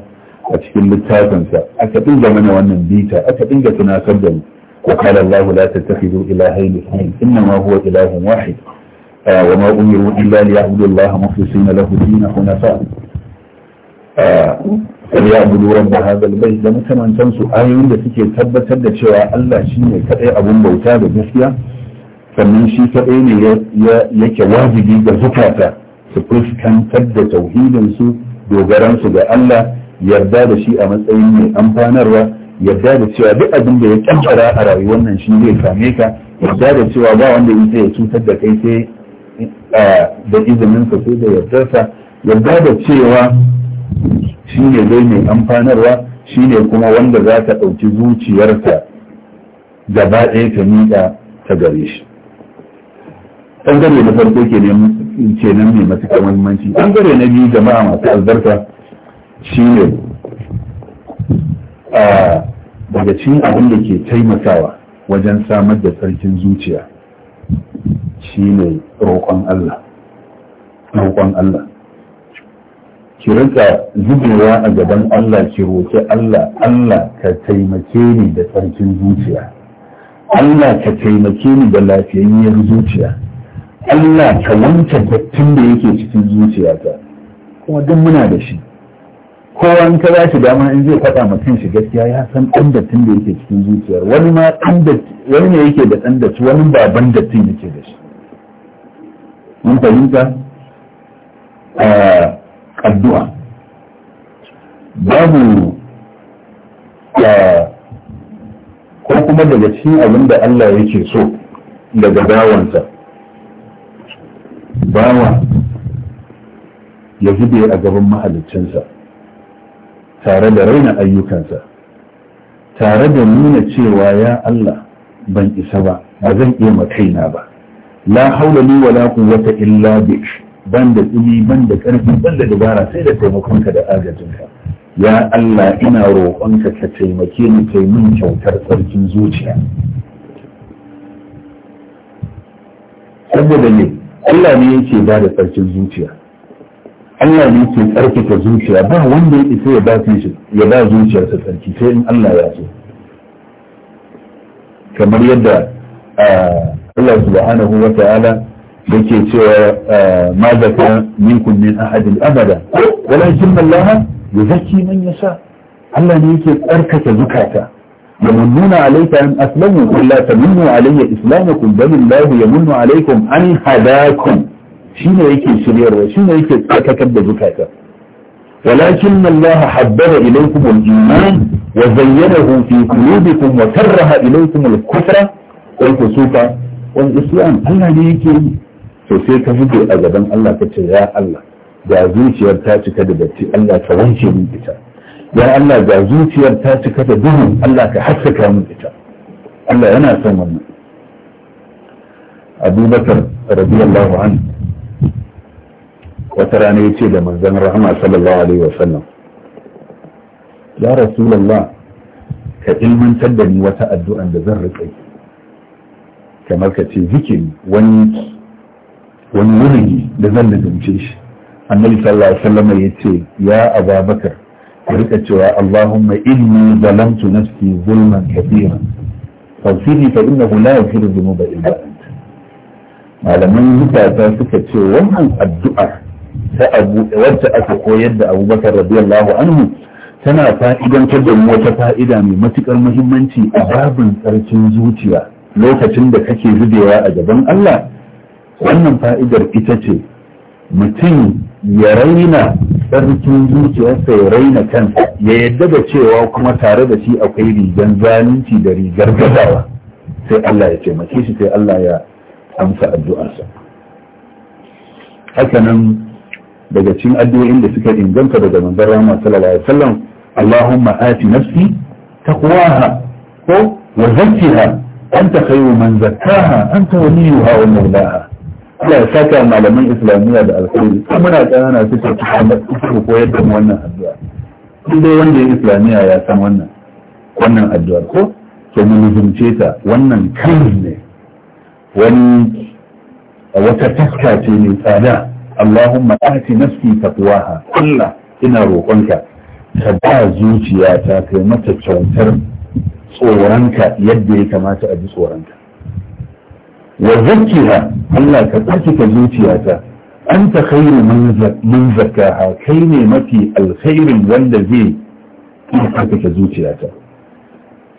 a cikin littafinsa aka dinga mana wannan bita aka dinga tunatar da mu ko kala Allah la tattakhidu ilahayn ithnayn inna ma huwa ilahun wahid wa ma Abdullahi illa liya'budu Allah mukhlishina lahu dinahu nafa wani ya budu da hadal bai da makamantansu ayoyin da suke tabbatar da cewa Allah shi ne kaɗai abun bauta da gaskiya sannan shi kaɗai ne yake wajibi ga zukata su fuskantar da tauhidinsu dogaransu ga Allah yarda da shi a matsayin mai amfanarwa yarda da cewa duk abin da ya kankara a rayuwar nan shi zai same ka yarda da cewa ba wanda sai ya cutar da kai sai da izininsa sai da yardarsa yarda da cewa shi ne zai mai amfanarwa shi ne kuma wanda za ta ɗauki zuciyarta gaba ɗaya ta miƙa ta gare shi ɓangare na farko kenan mai matuƙar muhimmanci ɓangare na biyu jama'a masu albarka shi ne daga cikin abin da ke taimakawa wajen samar da sarkin zuciya shi ne roƙon Allah roƙon Allah ki rika zubewa a gaban Allah ki roki Allah Allah ka taimake ni da tsarkin zuciya Allah ka taimake ni da lafiyayyar zuciya Allah ka wanke dattin da yake cikin zuciyata kuma duk muna da shi kowa in ka bashi dama in zai faɗa ma kanshi gaskiya ya san ɗan dattin da yake cikin zuciyar wani ma ɗan wani ne yake da ɗan datti wani ba ban dattin yake da shi mun fahimta ah, addu'a babu ko kuma daga cikin abin da Allah yake so daga bawansa bawa ya zube a gaban mahalicinsa tare da raina ayyukansa tare da nuna cewa ya Allah ban isa ba ba zan iya makaina ba la haula ni wala kuwata illa bik ban da tsumi ban da ƙarfi ban da dabara sai da taimakonka da agajinka ya Allah ina roƙonka ka taimake ni kai min kyautar tsarkin zuciya saboda ne Allah ne yake ba da tsarkin zuciya Allah ne yake tsarkake zuciya ba wanda ya isa ya ba shi ya ba zuciyarsa tsarki sai in Allah ya so kamar yadda ah, Allah subhanahu wa ta'ala yake آه، ما ma منكم من احد ahadin abada walakin Allah yuzakki man yasha Allah ne yake tsarkake zukata يمنون عليك أن أسلموا الا تمنوا علي إسلامكم بل الله يمن عليكم أن هداكم شين يكي شرير وشين يكي تكتب زكاكا ولكن الله حبب إليكم الإيمان وزينه في قلوبكم وكره إليكم الكفر والكسوف والإسلام ألا ليكي to sai ka fito a gaban Allah ka ce ya Allah ga zuciyar ta cika da datti Allah ka wanke min ita ya Allah ga zuciyar ta cika da duhu Allah ka haskaka min ita Allah yana son wannan Abu Bakar radiyallahu an wata rana ya ce da manzon rahama sallallahu alaihi wasallam ya rasulullah ka ilmantar da ni wata addu'a da zan riƙa kamar ka ce zikiri wani wani wuri da zan lazumce shi annabi sallallahu alaihi wasallam ya ce ya ababakar ya rika cewa allahumma inni zalamtu nafsi zulman kabira faghfirli fa innahu la yaghfiru dhunuba illa anta malaman zukata suka ce wannan addu'a ta abu wacce aka koyar da abubakar radiyallahu anhu tana fa'idantar da mu wata fa'ida mai matukar muhimmanci a babin tsarkin zuciya lokacin da kake zubewa a gaban Allah wannan fa'idar ita ce mutum ya raina tsarkin zuciyarsa ya raina kansa ya yadda da cewa kuma tare da shi akwai rigan zalunci da rigar gazawa sai Allah ya taimake shi sai Allah ya amsa addu'arsa hakanan daga cikin addu'o'in da suka inganta daga manzon rahama sallallahu alaihi wasallam Allahumma ati nafsi taqwaha ko wa zakkiha anta khayru man zakkaha anta waliyuha wa mawlaha Allah ya saka malaman islamiyya da alkhairi kuma muna kana su ta cikin koyar da wannan addu'a duk dai wanda ya islamiyya ya san wannan wannan addu'a ko to mu nuzumce ta wannan kan ne wani wata taska ce mai tsada Allahumma ati nafsi taqwaha Allah ina roƙonka ka ba zuciya ta kai mata kyautar tsoronka yadda ya kamata a ji tsoronka wa zakkiha Allah ka tsarkake zuciyata anta khairu man zakaha kai ne mafi alkhairin wanda zai tsarkake zuciyata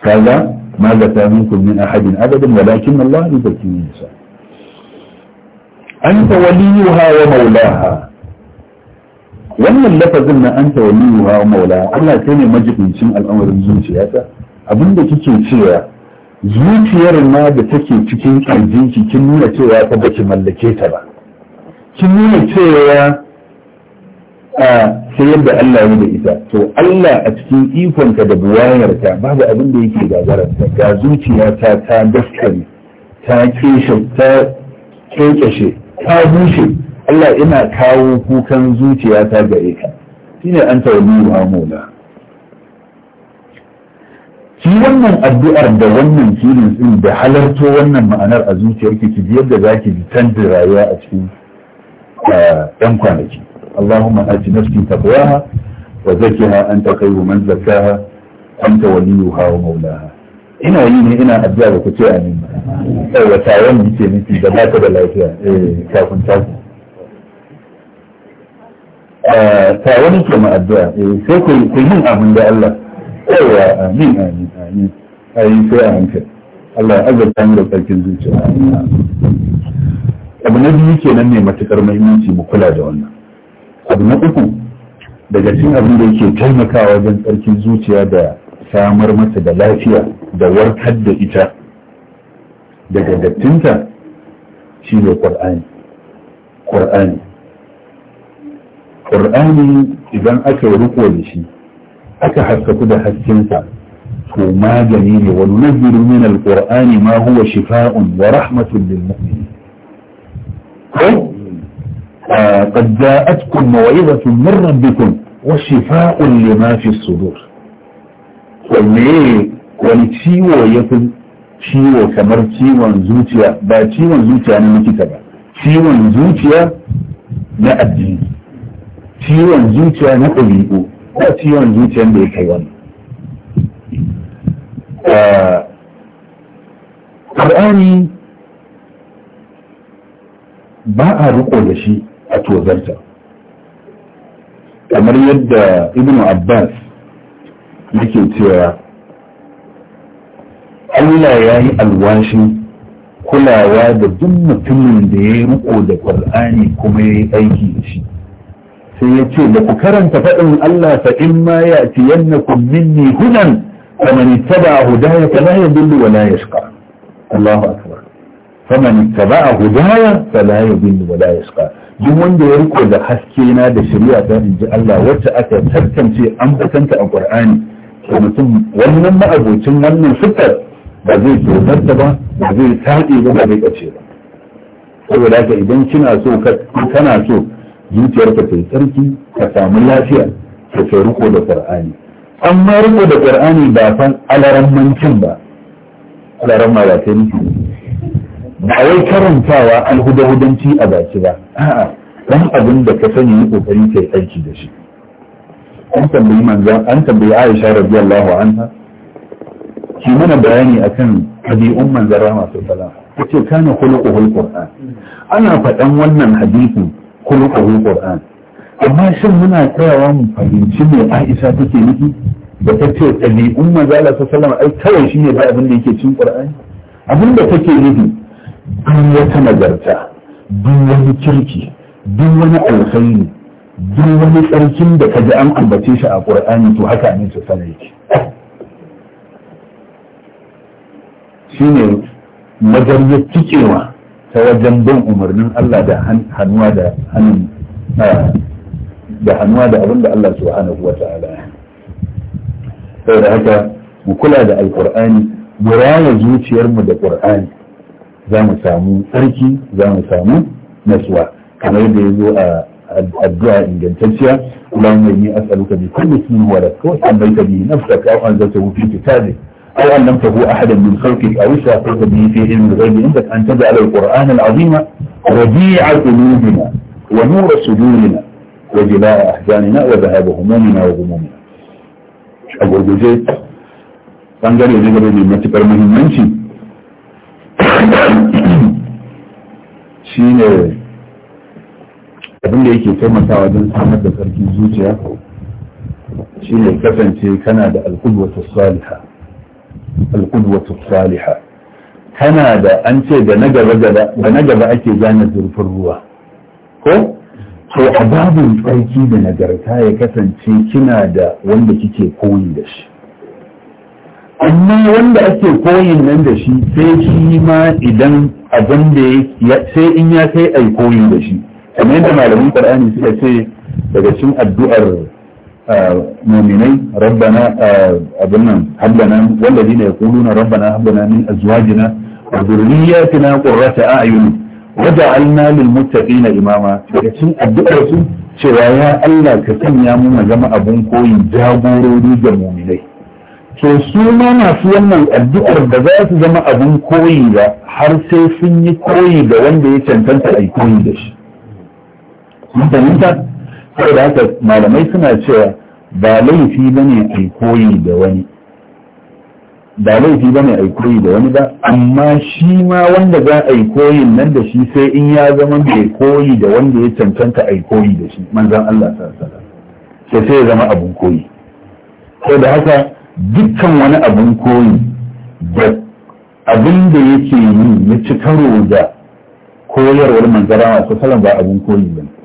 kaga ma zata minkum min ahadin abadan walakin Allah yuzakki min yasha wannan lafazin na anta waliyuha wa maulaha Allah kai ne majibincin al'amarin zuciyata abinda kike cewa zuciyar ma da take cikin ƙirjinki kin nuna cewa ta baki mallake ta ba kin nuna cewa a sai yadda Allah ya da ita to Allah a cikin ikonka da buwayarka babu abin da yake gagararta ga zuciya ta ta daskare ta keshe ta kekeshe ta bushe Allah ina kawo kukan zuciya ta gare ka shine anta waliyuha maula shi wannan addu'ar da wannan filin din da halarto wannan ma'anar a zuciyarki ki yadda za ki canza rayuwa a cikin ɗan eh, kwanaki Allahumma ati nafsi taqwaha wa zakkiha anta khayru man zakkaha anta waliyuha wa mawlaha ina yi ne ina addu'a da ku ce amin ba yawa taron nake nufi da ba ta da lafiya eh kafin ta wani eh, ke ma eh, sai ku yi abin da Allah Kowa amin amin amin ayi sai a hankali Allah ya azurta mu da tsarkin zuciya abu na biyu kenan ne matukar muhimmanci mu kula da wannan abu na uku daga cikin abin da yake taimakawa wajen sarkin zuciya da samar mata da lafiya da warkar da ita daga dattinta shi ne ƙwar'ani ƙwar'ani ƙwar'ani idan aka yi riko da shi aka كده حسنت haskinsa ko magani من القرآن ما هو شفاء ورحمة للمؤمنين wa rahmatun آه، قد جاءتكم موعظة من ربكم وشفاء لما في الصدور وليه ولتشيو يكن شيو كمر شيو زوتيا با شيو زوتيا أنا مكتبا شيو زوتيا نأدين شيو زوتيا نأذيئو ko ciwon zuciyar da ya kai wani ƙar'ani eh, ba a riko da shi a tozarta kamar yadda ibn abbas yake cewa allah ya yi alwashin kulawa da duk mutumin da ya yi riko da ƙur'ani kuma ya yi aiki da shi sai ya ce da ku karanta faɗin Allah fa in ma ya ci yannakum minni hudan faman ittaba hudaya fala yadullu wa la yashqa Allahu akbar faman ittaba hudaya fala yadullu wa la yashqa duk wanda ya riko da haske na da shari'a ta inji Allah wacce aka tantance an fatanta a Qur'ani to mutum wannan ma'abocin wannan sifar ba zai tsotsar ba ba zai taɗe ba ba zai kace ba saboda haka idan kina so kana so zuciyarka ta tsarki ka samu lafiya ka sai riko da qur'ani amma riko da qur'ani ba san mancin ba alaran ma ba ta nufi ba wai karantawa alhudahudanci a baki ba a'a dan abin da ka sani yi kokari kai aiki da shi an tambayi manzan an tambayi Aisha radiyallahu anha ki mana bayani akan tabi'un manzara masu salama ta ce kana khuluquhul qur'an ana faɗan wannan hadisin kulukuhun qur'an amma shin muna tsayawa mu fahimci me Aisha take nufi da ta ce ɗabi'un manzo Allah sallallahu ai kawai shi ne ba abin da yake cin qur'ani abin da take nufi duk wata nagarta duk wani kirki duk wani alkhairi duk wani tsarkin da ka ji an ambace shi a ƙur'ani, to haka ne su sana yake Shi shine magariyar cikewa ta wajen bin umarnin Allah da hannuwa da hannun da hannuwa da abin da Allah subhanahu wa ta'ala da haka mu kula da alqur'ani mu raya zuciyarmu da qur'ani za mu samu tsarki za mu samu nasuwa kamar da ya zo a addu'a ingantacciya Allahumma inni as'aluka bi kulli ismin wa lak wa as'aluka bi nafsaka aw anzaltahu fi kitabika أو أن لم تبو أحدا من خلقك أو سافرت به في علم الغيب عندك أن تجعل القرآن العظيم رديع قلوبنا ونور صدورنا وجلاء أحزاننا وذهاب همومنا وغمومنا أقول بزيت فانجر يجب أن يمت كرمه المنشي شين أبن ليك كما تعودن سامد تركيزوتيا شين كفنتي كان هذا القدوة الصالحة alkudwatu saliha tana da an ce da na gaba da na gaba ake gane zurfin ruwa ko to a babin tsarki da nagarta ya kasance kina da wanda kike koyi da shi amma wanda ake koyin nan da shi sai shi ma idan abin da sai in ya kai ai koyi da shi kamar yadda malamin qur'ani suka ce daga cikin addu'ar آه، مؤمنين ربنا أبنا آه، هب لنا والذين يقولون ربنا هب لنا من أزواجنا وذرياتنا قرة أعين وجعلنا للمتقين إماما لكن الدعوة شوايا ألا كسن يا مما جمع أبون كوي جابورو دي مؤمني to su ma masu wannan addu'ar da za su zama abin koyi ba har sai sun yi koyi da wanda saboda haka malamai suna cewa ba laifi bane ai koyi da wani ba laifi bane ai koyi da wani ba amma shi ma wanda za a yi nan da shi sai in ya zama mai koyi da wanda ya cancanta ai koyi da shi manzan Allah sallallahu sada, sai sai ya zama abun koyi saboda haka dukkan wani abun koyi da abin da yake yi ya ci karo da koyarwar manzara masu salon ba abin koyi ba ne.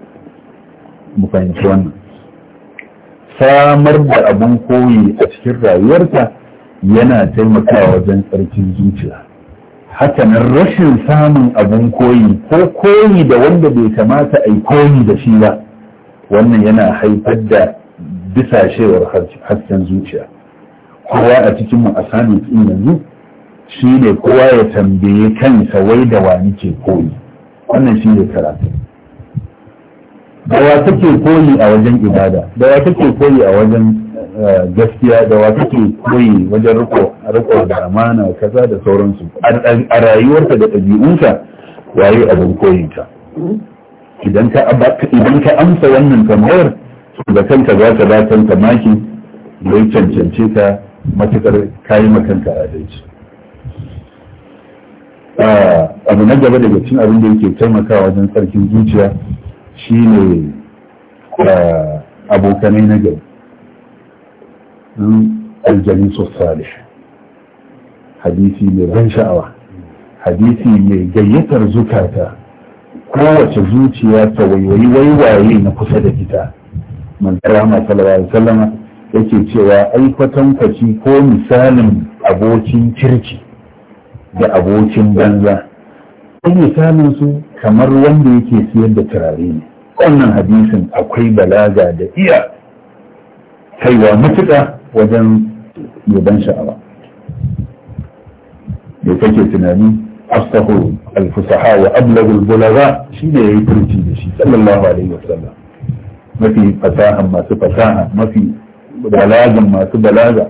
mu fahimci wannan samar da abin koyi a cikin rayuwarta yana taimakawa wajen tsarkin zuciya hakanan rashin samun abin koyi ko koyi da wanda bai kamata a yi koyi da shi ba wannan yana haifar da disashewar hasken zuciya kowa a cikinmu a samun tsin yanzu shi ne kowa ya tambaye kansa wai da wa nike koyi wannan shi ne karatu da wa take koyi a wajen ibada da wa take koyi a wajen eh, gaskiya da wa take koyi wajen riko riko da amana kaza da sauransu a rayuwarta da ɗabi'unta waye abin koyinta idan ka idan ka amsa wannan tambayar da kanka za ka datan ka maki da ya cancance ka matukar kayi makanka adalci ah, abu na gaba daga cin abin da yake taimakawa wajen tsarkin zuciya shi ne eh, abokanai na gari aljani sosali hadisi mai ban sha'awa hadisi mai gayyatar zukata kowace zuciya ta waiwayi waiwaye na kusa da ita manzara ma sallallahu yake cewa ai kaci ko misalin abokin kirki da abokin banza ai misalin su kamar wanda yake siyar da turare ne wannan hadisin akwai balaga da iya kaiwa matuƙa wajen yaban sha'awa da kake tunani astahu alfusaha wa ablagu ne ya yi furci da shi sallallahu alaihi wasallam mafi fasaha masu fasaha mafi balagan masu balaga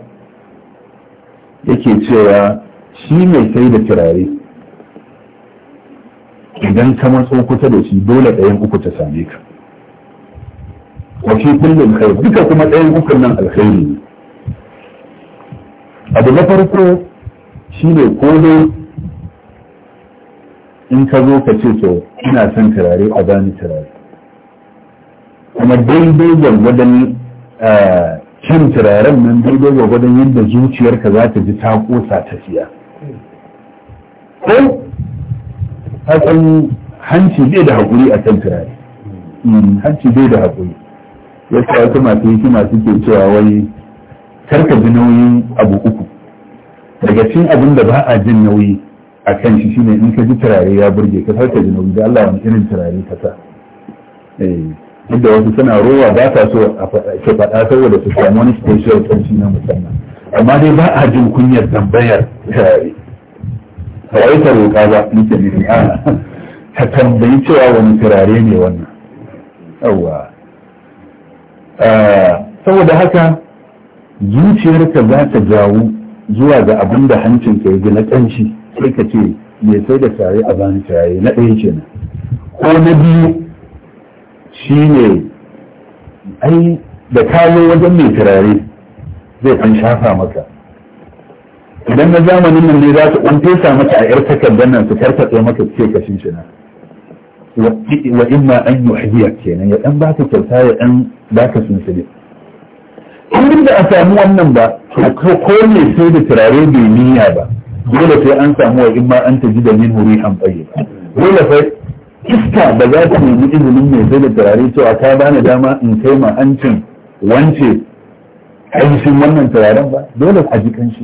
yake cewa shi mai sai da turare idan ka matso kusa da shi dole ɗayan uku ta same ka wa fi kullum khair duka kuma ɗayan uku nan alkhairi ne abu na farko shine ko dai in ka zo ka ce to ina son turare a bani turare kuma daidai gwargwadon eh, cin turaren nan daidai gwargwadon yadda zuciyarka za ta ji ta kosa tafiya ko ka san hanci bai da haƙuri a kan turare hmm. hanci bai da haƙuri yasa wasu masu hikima suke cewa wai karka ji nauyi abu uku daga cikin abin da ba a jin nauyi a kan shi shine in ka ji turare ya burge ka karka ji nauyi da Allah irin turare ka sa eh, duk wasu suna rowa ba ta so a faɗa saboda su samu wani special kanci na musamman amma dai ba a jin kunyar tambayar turare ra'aita roƙa ba nake nufi a ah, ka tambayi cewa wani turare ne wannan yawa ah, saboda haka zuciyarka za ta jawo zuwa ga abin da hancinka ya gina na ƙanshi sai ka ce mai sai da tare a bani tare na ɗaya kenan ko na biyu shi ne ai da kawo wajen mai turare zai kan shafa maka idan na zamanin nan ne za su ɗan fesa maka a 'yar takardar nan su karkatsa maka ce kashin shi na wa imma an yuhdiya kenan ya ɗan baka kyauta ya ɗan baka sunsule in da a samu wannan ba ko ne sai da turare bai niyya ba dole sai an samu wa imma an ta ji da min huri an bayyana dole sai iska ba za ta nemi izinin mai sai da turare To a ta bani dama in kai ma an cin wance ainihin wannan turaren ba dole a ji kanshi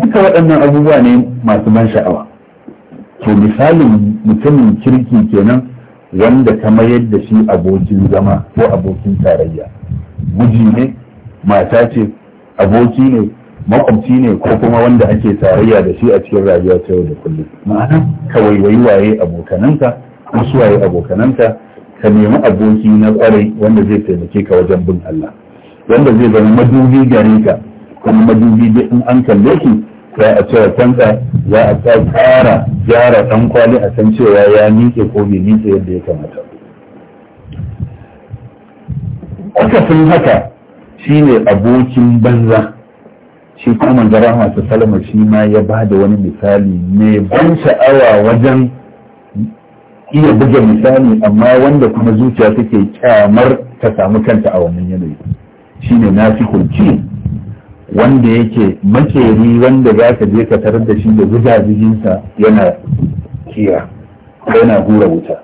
duka waɗannan abubuwa ne masu ban sha'awa to misalin mutumin kirki kenan wanda ta mayar da shi abokin zama ko abokin tarayya miji ne mata ce aboki ne makwabci ne ko kuma wanda ake tarayya da shi a cikin rayuwa ta yau da kullum ma'ana ka waiwayi waye abokananka wasu waye abokananka ka nemi aboki na kwarai wanda zai taimake ka wajen bin Allah wanda zai zama madubi gare ka kuma madubi dai in an kalle shi za a cewa kansa za a tsara gyara dan kwali a san cewa ya miƙe ko bai miƙe yadda ya kamata akasin haka shi ne abokin banza shi kuma manzara masu salama shi ma ya ba da wani misali ne ban sha'awa wajen iya buga misali amma wanda kuma zuciya take kyamar ta samu kanta a wannan yanayi shine fi kiyin wanda yake makeri wanda za ka je ka tarar da shi da zigajijinsa yana kira yana hura wuta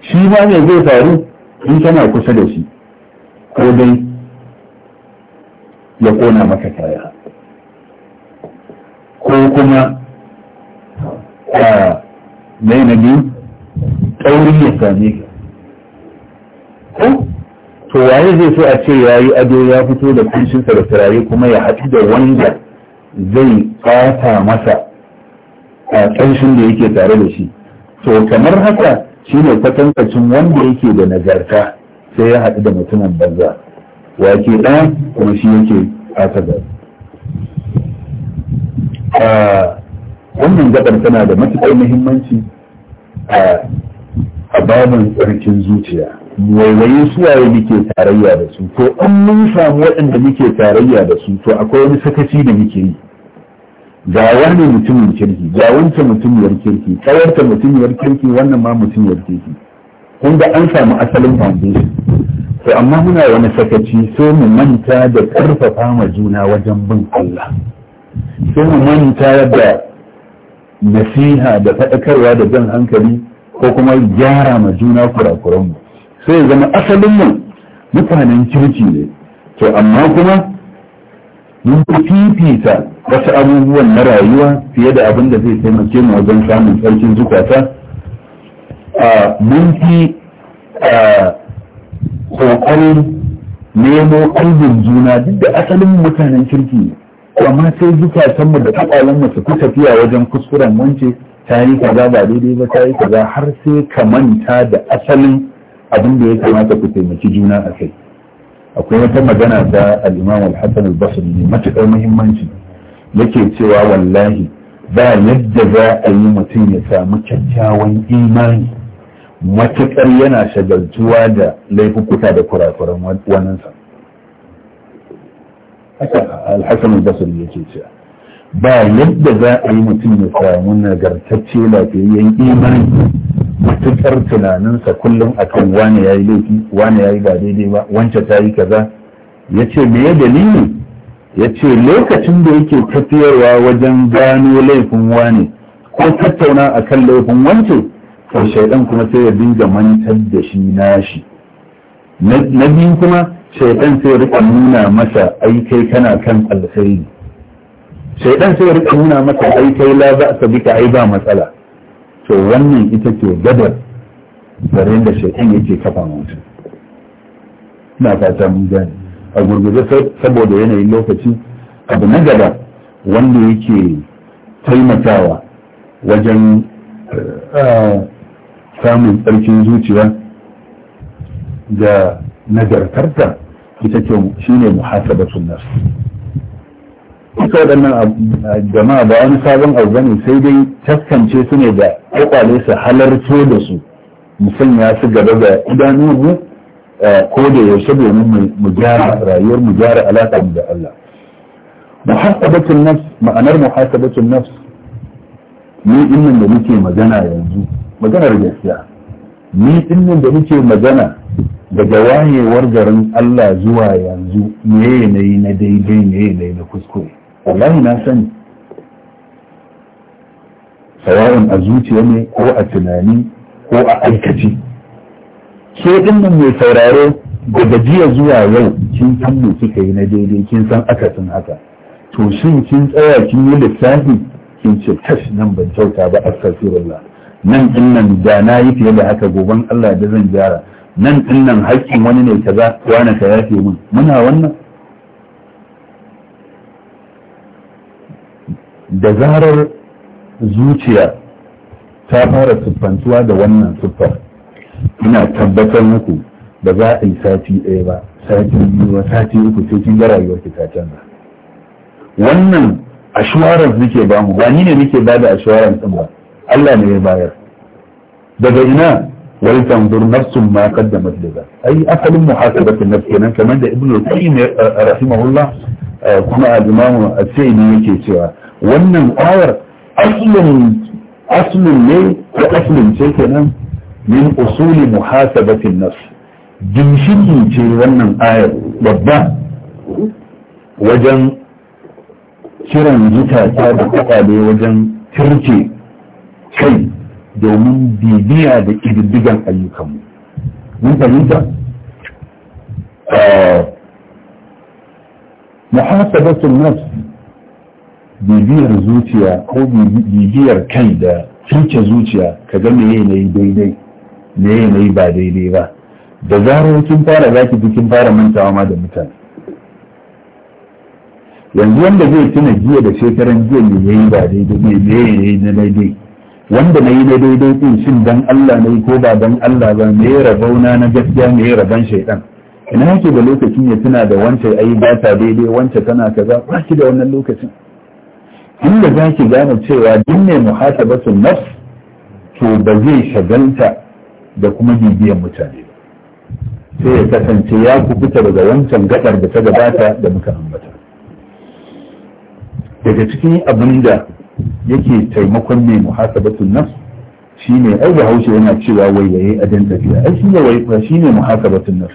shi ma ne zai faru in kana kusa da shi ko dai ya kona maka kaya ko kuma a mai na biyu ya same ka ko to waye zai so a ce ya yi ado ya fito da kunshinsa da turare kuma ya haɗu da wanda zai ƙata masa a ƙanshin da yake tare da shi to kamar haka shi shine kwatankacin wanda yake da nagarta sai ya haɗu da mutumin banza wake ɗan kuma shi yake ƙata gari wannan gaɓar tana da matuƙar muhimmanci a babin tsarkin zuciya waiwaye suwaye muke tarayya da su to an mun samu waɗanda muke tarayya da su to akwai wani sakaci da muke yi ga wani mutumin kirki ga wancan mutumiyar kirki tsawarta mutumiyar kirki wannan ma mutumiyar kirki kun da an samu asalin foundation to amma muna wani sakaci sai mu manta da karfafa ma juna wajen bin Allah sai mu manta da nasiha da faɗakarwa da jan hankali ko kuma gyara ma juna kurakuranmu sai ya zama asalin mu mutanen kirki ne to amma kuma mun fifita wasu abubuwan na rayuwa fiye da abin da zai taimake mu wajen samun sarkin zukata a mun fi kokarin nemo kalbin juna duk da asalin mutanen kirki ne amma sai zukatanmu da kwakwalen su ku tafiya wajen kuskuren wance ta yi kaza ba daidai ba ta yi kaza har sai ka manta da asalin abin da ya kamata ku taimaki juna a kai akwai wata magana da al al-hasan al-basri ne matukar muhimmanci yake cewa wallahi ba yadda za a yi mutum ya samu kyakkyawan imani Matuƙar yana shagaltuwa da laifukuta da kurakuran waninsa al hassan al-basri yake cewa ba yadda za a yi mutum ya samu nagartacce lafiyayyen imani matuƙar tunaninsa kullum a kan wane ya yi laifi wani ya yi ba daidai ba wance ta yi kaza ya ce me ya dalili ya ce lokacin da yake tafiyarwa wajen gano laifin wani ko tattauna a kan laifin wance to shaidan kuma sai ya dinga mantar da shi nashi na biyu kuma shaidan sai ya rika nuna masa ai kai kana kan alkhairi shaidan sai rika nuna masa ai kai la ba sa bika ai ba matsala to wannan ita ce gadar garin da shaidan yake kafa mutum ina fata mun gane a saboda yanayin lokaci abu na gaba wanda yake taimakawa wajen eh, samun tsarkin zuciya da nagartarta ita ce shi ne muhasabatun duka waɗannan jama'a ba wani sabon abu bane sai dai taskance su ne da kwakwale su halarto da su mu sanya su gaba da idanunmu eh, ko da yaushe domin mu gyara rayuwar mu gyara alaƙa da Allah muhasabatun nafs ma'anar muhasabatun nafs ni dinnan da muke magana yanzu maganar gaskiya ni dinnan da muke magana daga wayewar garin Allah zuwa yanzu meye na yi na daidai meye na na kuskure wallahi na sani sawa'in a zuciya ne ko a tunani ko a aikace. ke dinnan mai sauraro daga jiya zuwa yau kin san me kika yi na daidai kin san aka akasin haka to shin kin tsaya kin yi lissafi kin ce tash nan ban kyauta ba astaghfirullah nan dinnan da na yi fiye da haka goban Allah da zan gyara nan dinnan haƙƙin wani ne kaza wani ka yafe mun. muna wannan da zarar zuciya ta fara siffantuwa da wannan siffar ina tabbatar muku ba za a yi sati ɗaya ba sati biyu ba sati uku sai kin ga rayuwar ki ta canza wannan assurance nake ba mu ba ni ne nake ba da assurance din ba Allah ne ya bayar daga ina wal tanzur nafsun ma qaddamat li dhalik ai asalin muhasabatu nafs kenan kamar da ibnu qayyim eh, eh, rahimahullah eh, kuma al-imam as-sayyidi yake cewa wannan ayar aslin ne ko aslin ce kenan min usuli muhasabati nafs ginshiki ce wannan ayar babba wajen kiran zukata da kwakwale wajen kirke kai domin bibiya da ƙididdigan ayyukanmu mun fahimta eh, muhasabatun nafs bibiyar zuciya ko bibiyar kai da cince zuciya ka ga me yanayi daidai me yanayi ba daidai ba da zarar kin fara zaki fi kin fara mantawa ma da mutane yanzu wanda zai tuna jiya da shekaran jiya ne yayi ba daidai ne me yayi na daidai wanda na yi daidai ɗin shin dan Allah ne ko ba dan Allah ba me rabauna na gaskiya me raban shaitan ina yake da lokacin ya tuna da wancan ai ba ta daidai wance tana kaza ba ki da wannan lokacin inda za ki gane cewa duk mai basu nafs to ba zai shagalta da kuma bibiyan mutane sai ya kasance ya kubuta daga wancan gadar da ta gabata da muka ambata daga cikin abin da yake taimakon mai muhasabatun nan shi ne ai da haushe yana cewa waiwaye adon tafiya ai shi ne waiwaye shi ne muhasabatun nan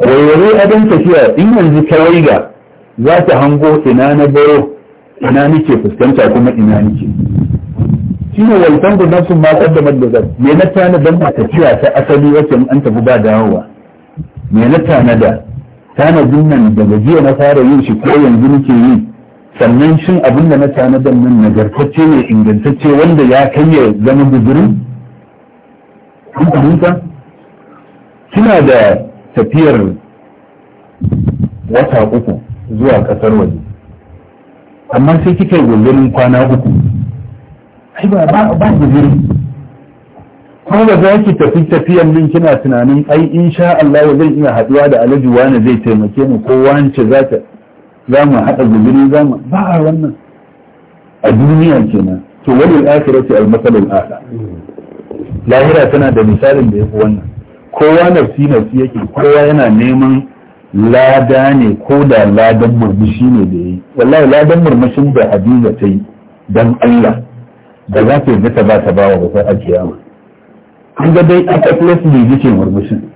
waiwaye adon tafiya in yanzu ta waiga za ta hango ina na baro ina nake fuskanta kuma ina nake shi ne waltan da nafsun ma kaddamar da zan me na tanadan ba tafiya ta asali wacce an tafi ba dawowa me na tanada tana nan daga jiya na fara yin shi ko yanzu nake yi sannan shin abin da na tanadan nan nagartacce ne ingantacce wanda ya kai ya zama gudurin kun fahimta kina da tafiyar wata uku zuwa kasar waje amma sai kika yi gudurin kwana uku ai ba ba gudurin kuma da za ki tafi tafiyan din kina tunanin ai in sha Allah zan iya haduwa da alhaji wani zai taimake mu ko wance za ta za mu haɗa guzuri za mu ba a wannan a duniya kenan to wani ce al-masalul ala lahira tana da misalin da ya fi wannan kowa na nafsi yake kowa yana neman lada ne ko da ladan murmushi ne da yi wallahi ladan murmushin da hadiza ta yi don allah da za ta yi ta ba ta bawa ba a kiyama an ga dai an ƙafilas ne murmushin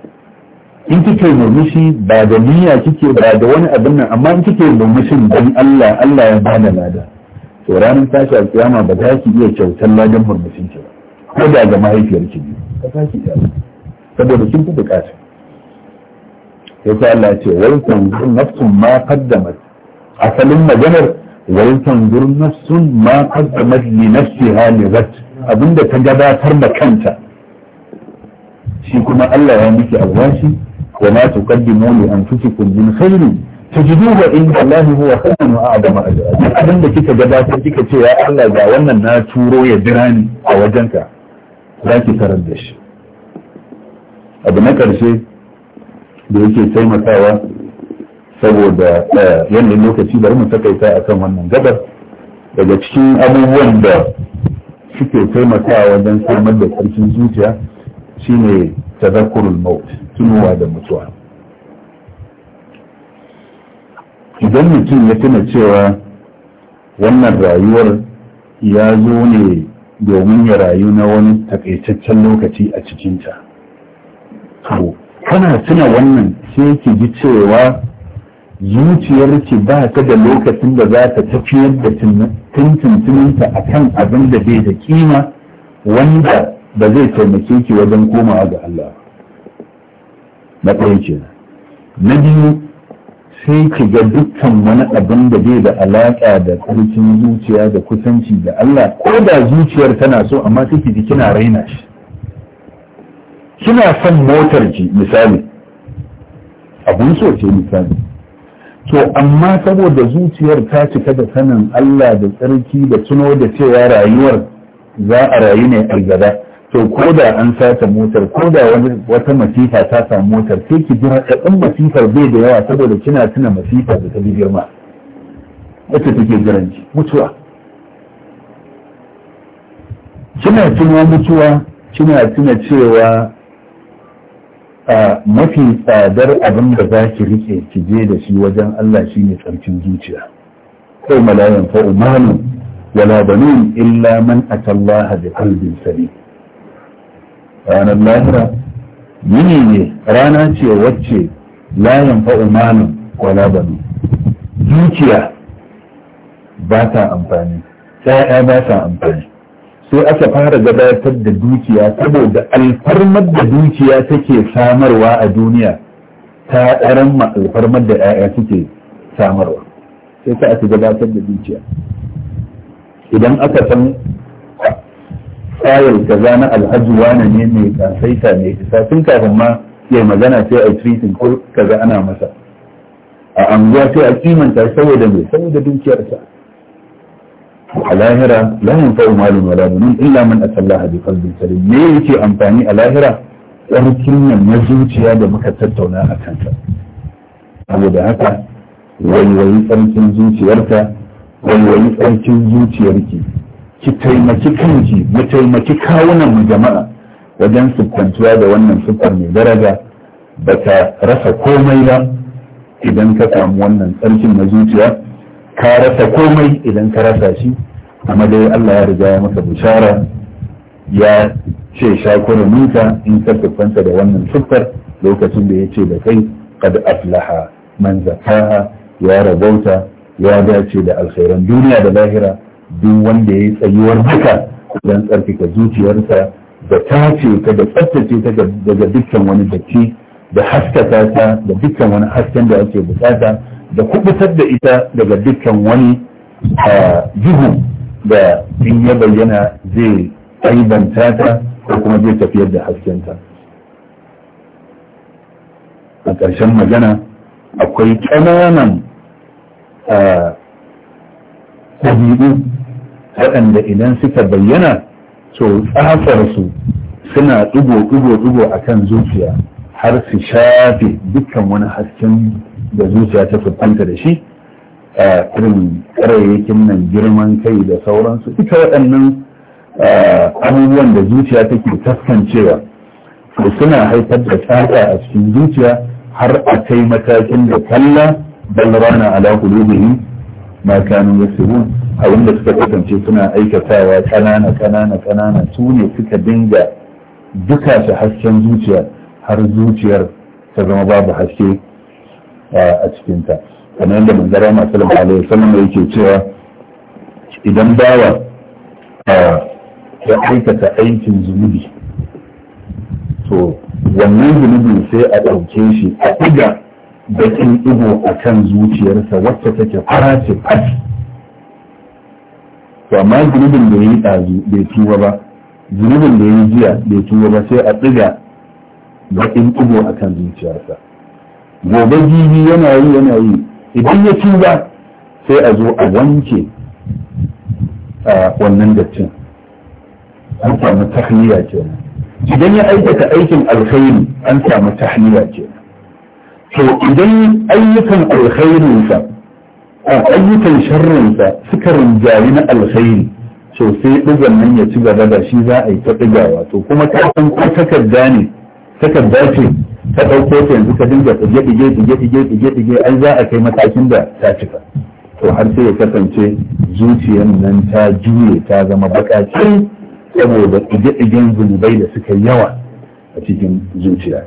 in kike murmushi ba da niyya kike ba da wani abin nan amma in kike murmushin dan Allah Allah ya bada lada to ranar tashi alkiyama ba za ki iya kyautar ladan murmushin ki ba ko da ga mahaifiyar ki ne ka saki da saboda kin fi bukata sai Allah ya ce wai tanzur nafsun ma qaddamat asalin maganar wai tanzur nafsun ma qaddamat li nafsiha li ghat abinda ta gabatar da kanta shi kuma Allah ya miki alwashi وما تقدموا لأنفسكم من خير تجدوه عند الله هو خير وأعظم أجرا أبن كيك جبات كيك يا الله ذا وانا ناتورو يدراني أو جنك ذاك تردش أبنك الشيء da yake taimakawa saboda yanayin lokaci bari mu takaita a kan wannan gabar daga cikin abubuwan da suke taimakawa wajen samar da ƙarfin zuciya shine tadhakkurul maut tunowa da mutuwa idan mutum ya tuna cewa wannan rayuwar ya zo ne domin ya rayu na wani takaitaccen lokaci a cikinta to kana tuna wannan sai ki ji cewa zuciyar ki ba ta da lokacin da za ta tafiyar da tuntuntuninta a kan abin da bai da kima wanda ba zai taimake ki wajen komawa ga Allah na ɗaya na. na biyu sai ki ga dukkan wani abin da zai da alaƙa da ƙarfin zuciya da kusanci da Allah ko da zuciyar tana so amma sai ki kina raina shi kina son motar ki misali abun so ce misali to amma saboda zuciyar ta cika da sanin Allah da tsarki da tuno da cewa rayuwar za a rayu ne a to ko da an sace motar ko da wata masifa ta samu motar sai ki jira ɗaɗɗin masifar bai da yawa saboda kina tuna masifa da ta girma wacce take jiranci mutuwa kina tuna mutuwa kina tuna cewa a mafi tsadar abin da za ki rike ki je da shi wajen Allah shine tsarkin zuciya kai malayan fa'u malu wala banun illa man atallaha bi qalbin salim ranar lahira yini ne rana ce wacce layan fa'umanin wala banu dukiya ba ta amfani ya'ya ba ta amfani sai aka fara gabatar da dukiya saboda alfarmar da dukiya take samarwa a duniya ta ɗaran ma alfarmar da ya'ya suke samarwa sai ta aka gabatar da dukiya idan aka san fayil kaza na alhaji wane ne mai kasaita ne kafin kafin ma ya magana sai a treating ko kaza ana masa a anguwa sai a kimanta saboda mai saboda dukiyarsa a lahira la yanfa'u malun wala banun illa man atallaha bi qalbin salim me yake amfani a lahira tsarkin nan na zuciya da muka tattauna a kansa saboda haka waiwayi tsarkin zuciyarka waiwayi tsarkin zuciyarki ki taimaki kanki mu taimaki kawunan mu jama'a wajen sukantuwa da wannan siffar mai daraja ba ta rasa komai ba idan ka samu wannan tsarkin na zuciya ka rasa komai idan ka rasa shi amma dai Allah ya riga ya maka bishara ya ce shakuruninka in ka siffanta da wannan siffar lokacin da ya ce da kai kad aflaha man zakaha ya rabauta ya dace da alkhairan duniya da lahira duk wanda ya yi tsayuwar duka don tsarkake zuciyarsa da tace ta da tsaftace ta daga dukkan wani datti da haskaka ta da dukkan wani hasken da ake bukata da kubutar da ita daga dukkan wani jihu da in ya bayyana zai aibanta ta ko kuma zai tafiyar da haskenta a ƙarshen magana akwai ƙananan ɗabi'u waɗanda idan suka bayyana to tsafarsu suna ɗigo-ɗigo-ɗigo a kan zuciya har su shafe dukkan wani hasken da zuciya ta fuskanta da shi a irin ƙarayyakin nan girman kai da sauransu duka waɗannan abubuwan da zuciya take taskancewa to suna haifar da tsaka a cikin zuciya har a kai matakin da kalla bal rana ala qulubihim ma kanu yasirun abin da suka kasance suna aikatawa kanana kanana kanana su ne suka dinga duka su hasken zuciya. har zuciyar ta zama babu haske a cikinta kamar yadda manzara masu alaihi wasallam yake cewa idan bawa ya aikata aikin zunubi to wannan zunubi sai a ɗauke shi a ɗiga baƙin ɗigo a kan zuciyarsa wacce take fara ce fat to amma zunubin da ya yi ɗazu bai tuwa ba zunubin da ya yi jiya bai tuwa ba sai a tsiga baƙin ɗigo a kan zuciyarsa gobe jibi yana yi yana yi idan ya tuba sai a zo a wanke wannan dattin an samu tahliya kenan idan ya aikata aikin alkhairi an samu tahliya kenan to idan ayyukan alkhairinsa ayyukan sharrinsa suka rinjayi na alkhairi to sai ɗigan nan ya ci gaba da shi za a yi ta ɗigawa to kuma ka san ko takarda ne takarda ce ta ɗauko ta yanzu ka dinga ɗige ɗige ɗige ɗige ɗige ɗige ai za a kai matakin da ta cika to har sai ya kasance zuciyar nan ta juye ta zama baƙaƙi saboda ɗige-ɗigen zunubai da suka yawa a cikin zuciya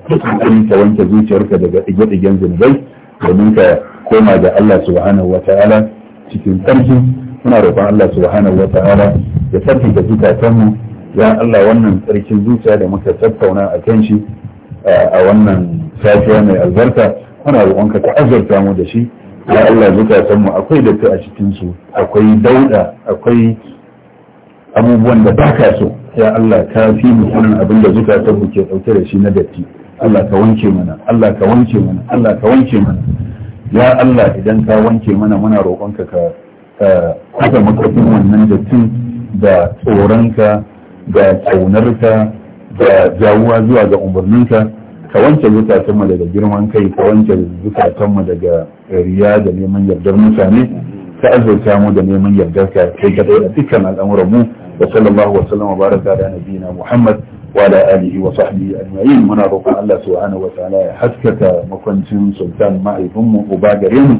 in ka wanke zuciyarka daga ɗige-ɗigen zunubai domin ka koma ga Allah subhanahu ta'ala) cikin tsarki muna roƙon Allah subhanahu ta'ala) ya tsarki ga zukatanmu ya Allah wannan tsarkin zuciya da muka tattauna a kan shi a wannan safiya mai albarka muna roƙon ka azurta mu da shi ya Allah zukatanmu akwai datti a cikinsu akwai dauda akwai abubuwan da baka so ya Allah ka fi mu abin da zukatan mu ke dauke da shi na datti Allah ka wanke mana Allah ka wanke mana Allah ka wanke mana ya Allah idan ka wanke mana muna roƙon ka kafa makwafin wannan dattin da tsoronka da ka da jawuwa zuwa ga umarninka ka wanke mu daga girman kai ka wanke mu daga riya da neman yardar mutane ka azurta mu da neman yardar ka kai ka dukkan al'amuran mu وصلى الله وسلم وبارك على نبينا محمد وعلى آله وصحبه أجمعين muna roƙon Allah subhanahu wataala ya haskaka makoncin sultan mahaifinmu uba gare mu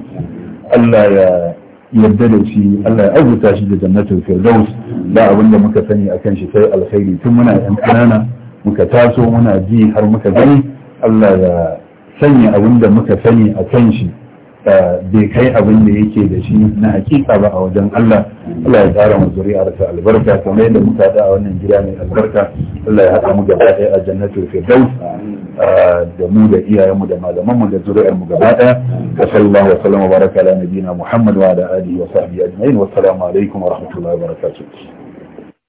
Allah ya yarda da shi Allah ya azurta shi da jannatul firdaus da abin da muka sani akan shi sai alkhairi tun muna yan kanana muka taso muna ji har muka gani Allah ya sanya abin da muka sani akan shi bai kai abin da yake da shi na hakika ba a wajen Allah Allah ya tsara mu zuri'arsa albarka kamar yadda muka da a wannan gida mai albarka Allah ya haɗa mu gaba ɗaya a jannatul firdaus ah, da mu da iyayenmu da mu da zuri'armu gaba ɗaya wa sallallahu wa sallama baraka ala nabiyina Muhammad wa ala alihi wa sahbihi ajma'in wa assalamu alaikum wa rahmatullahi wa barakatuh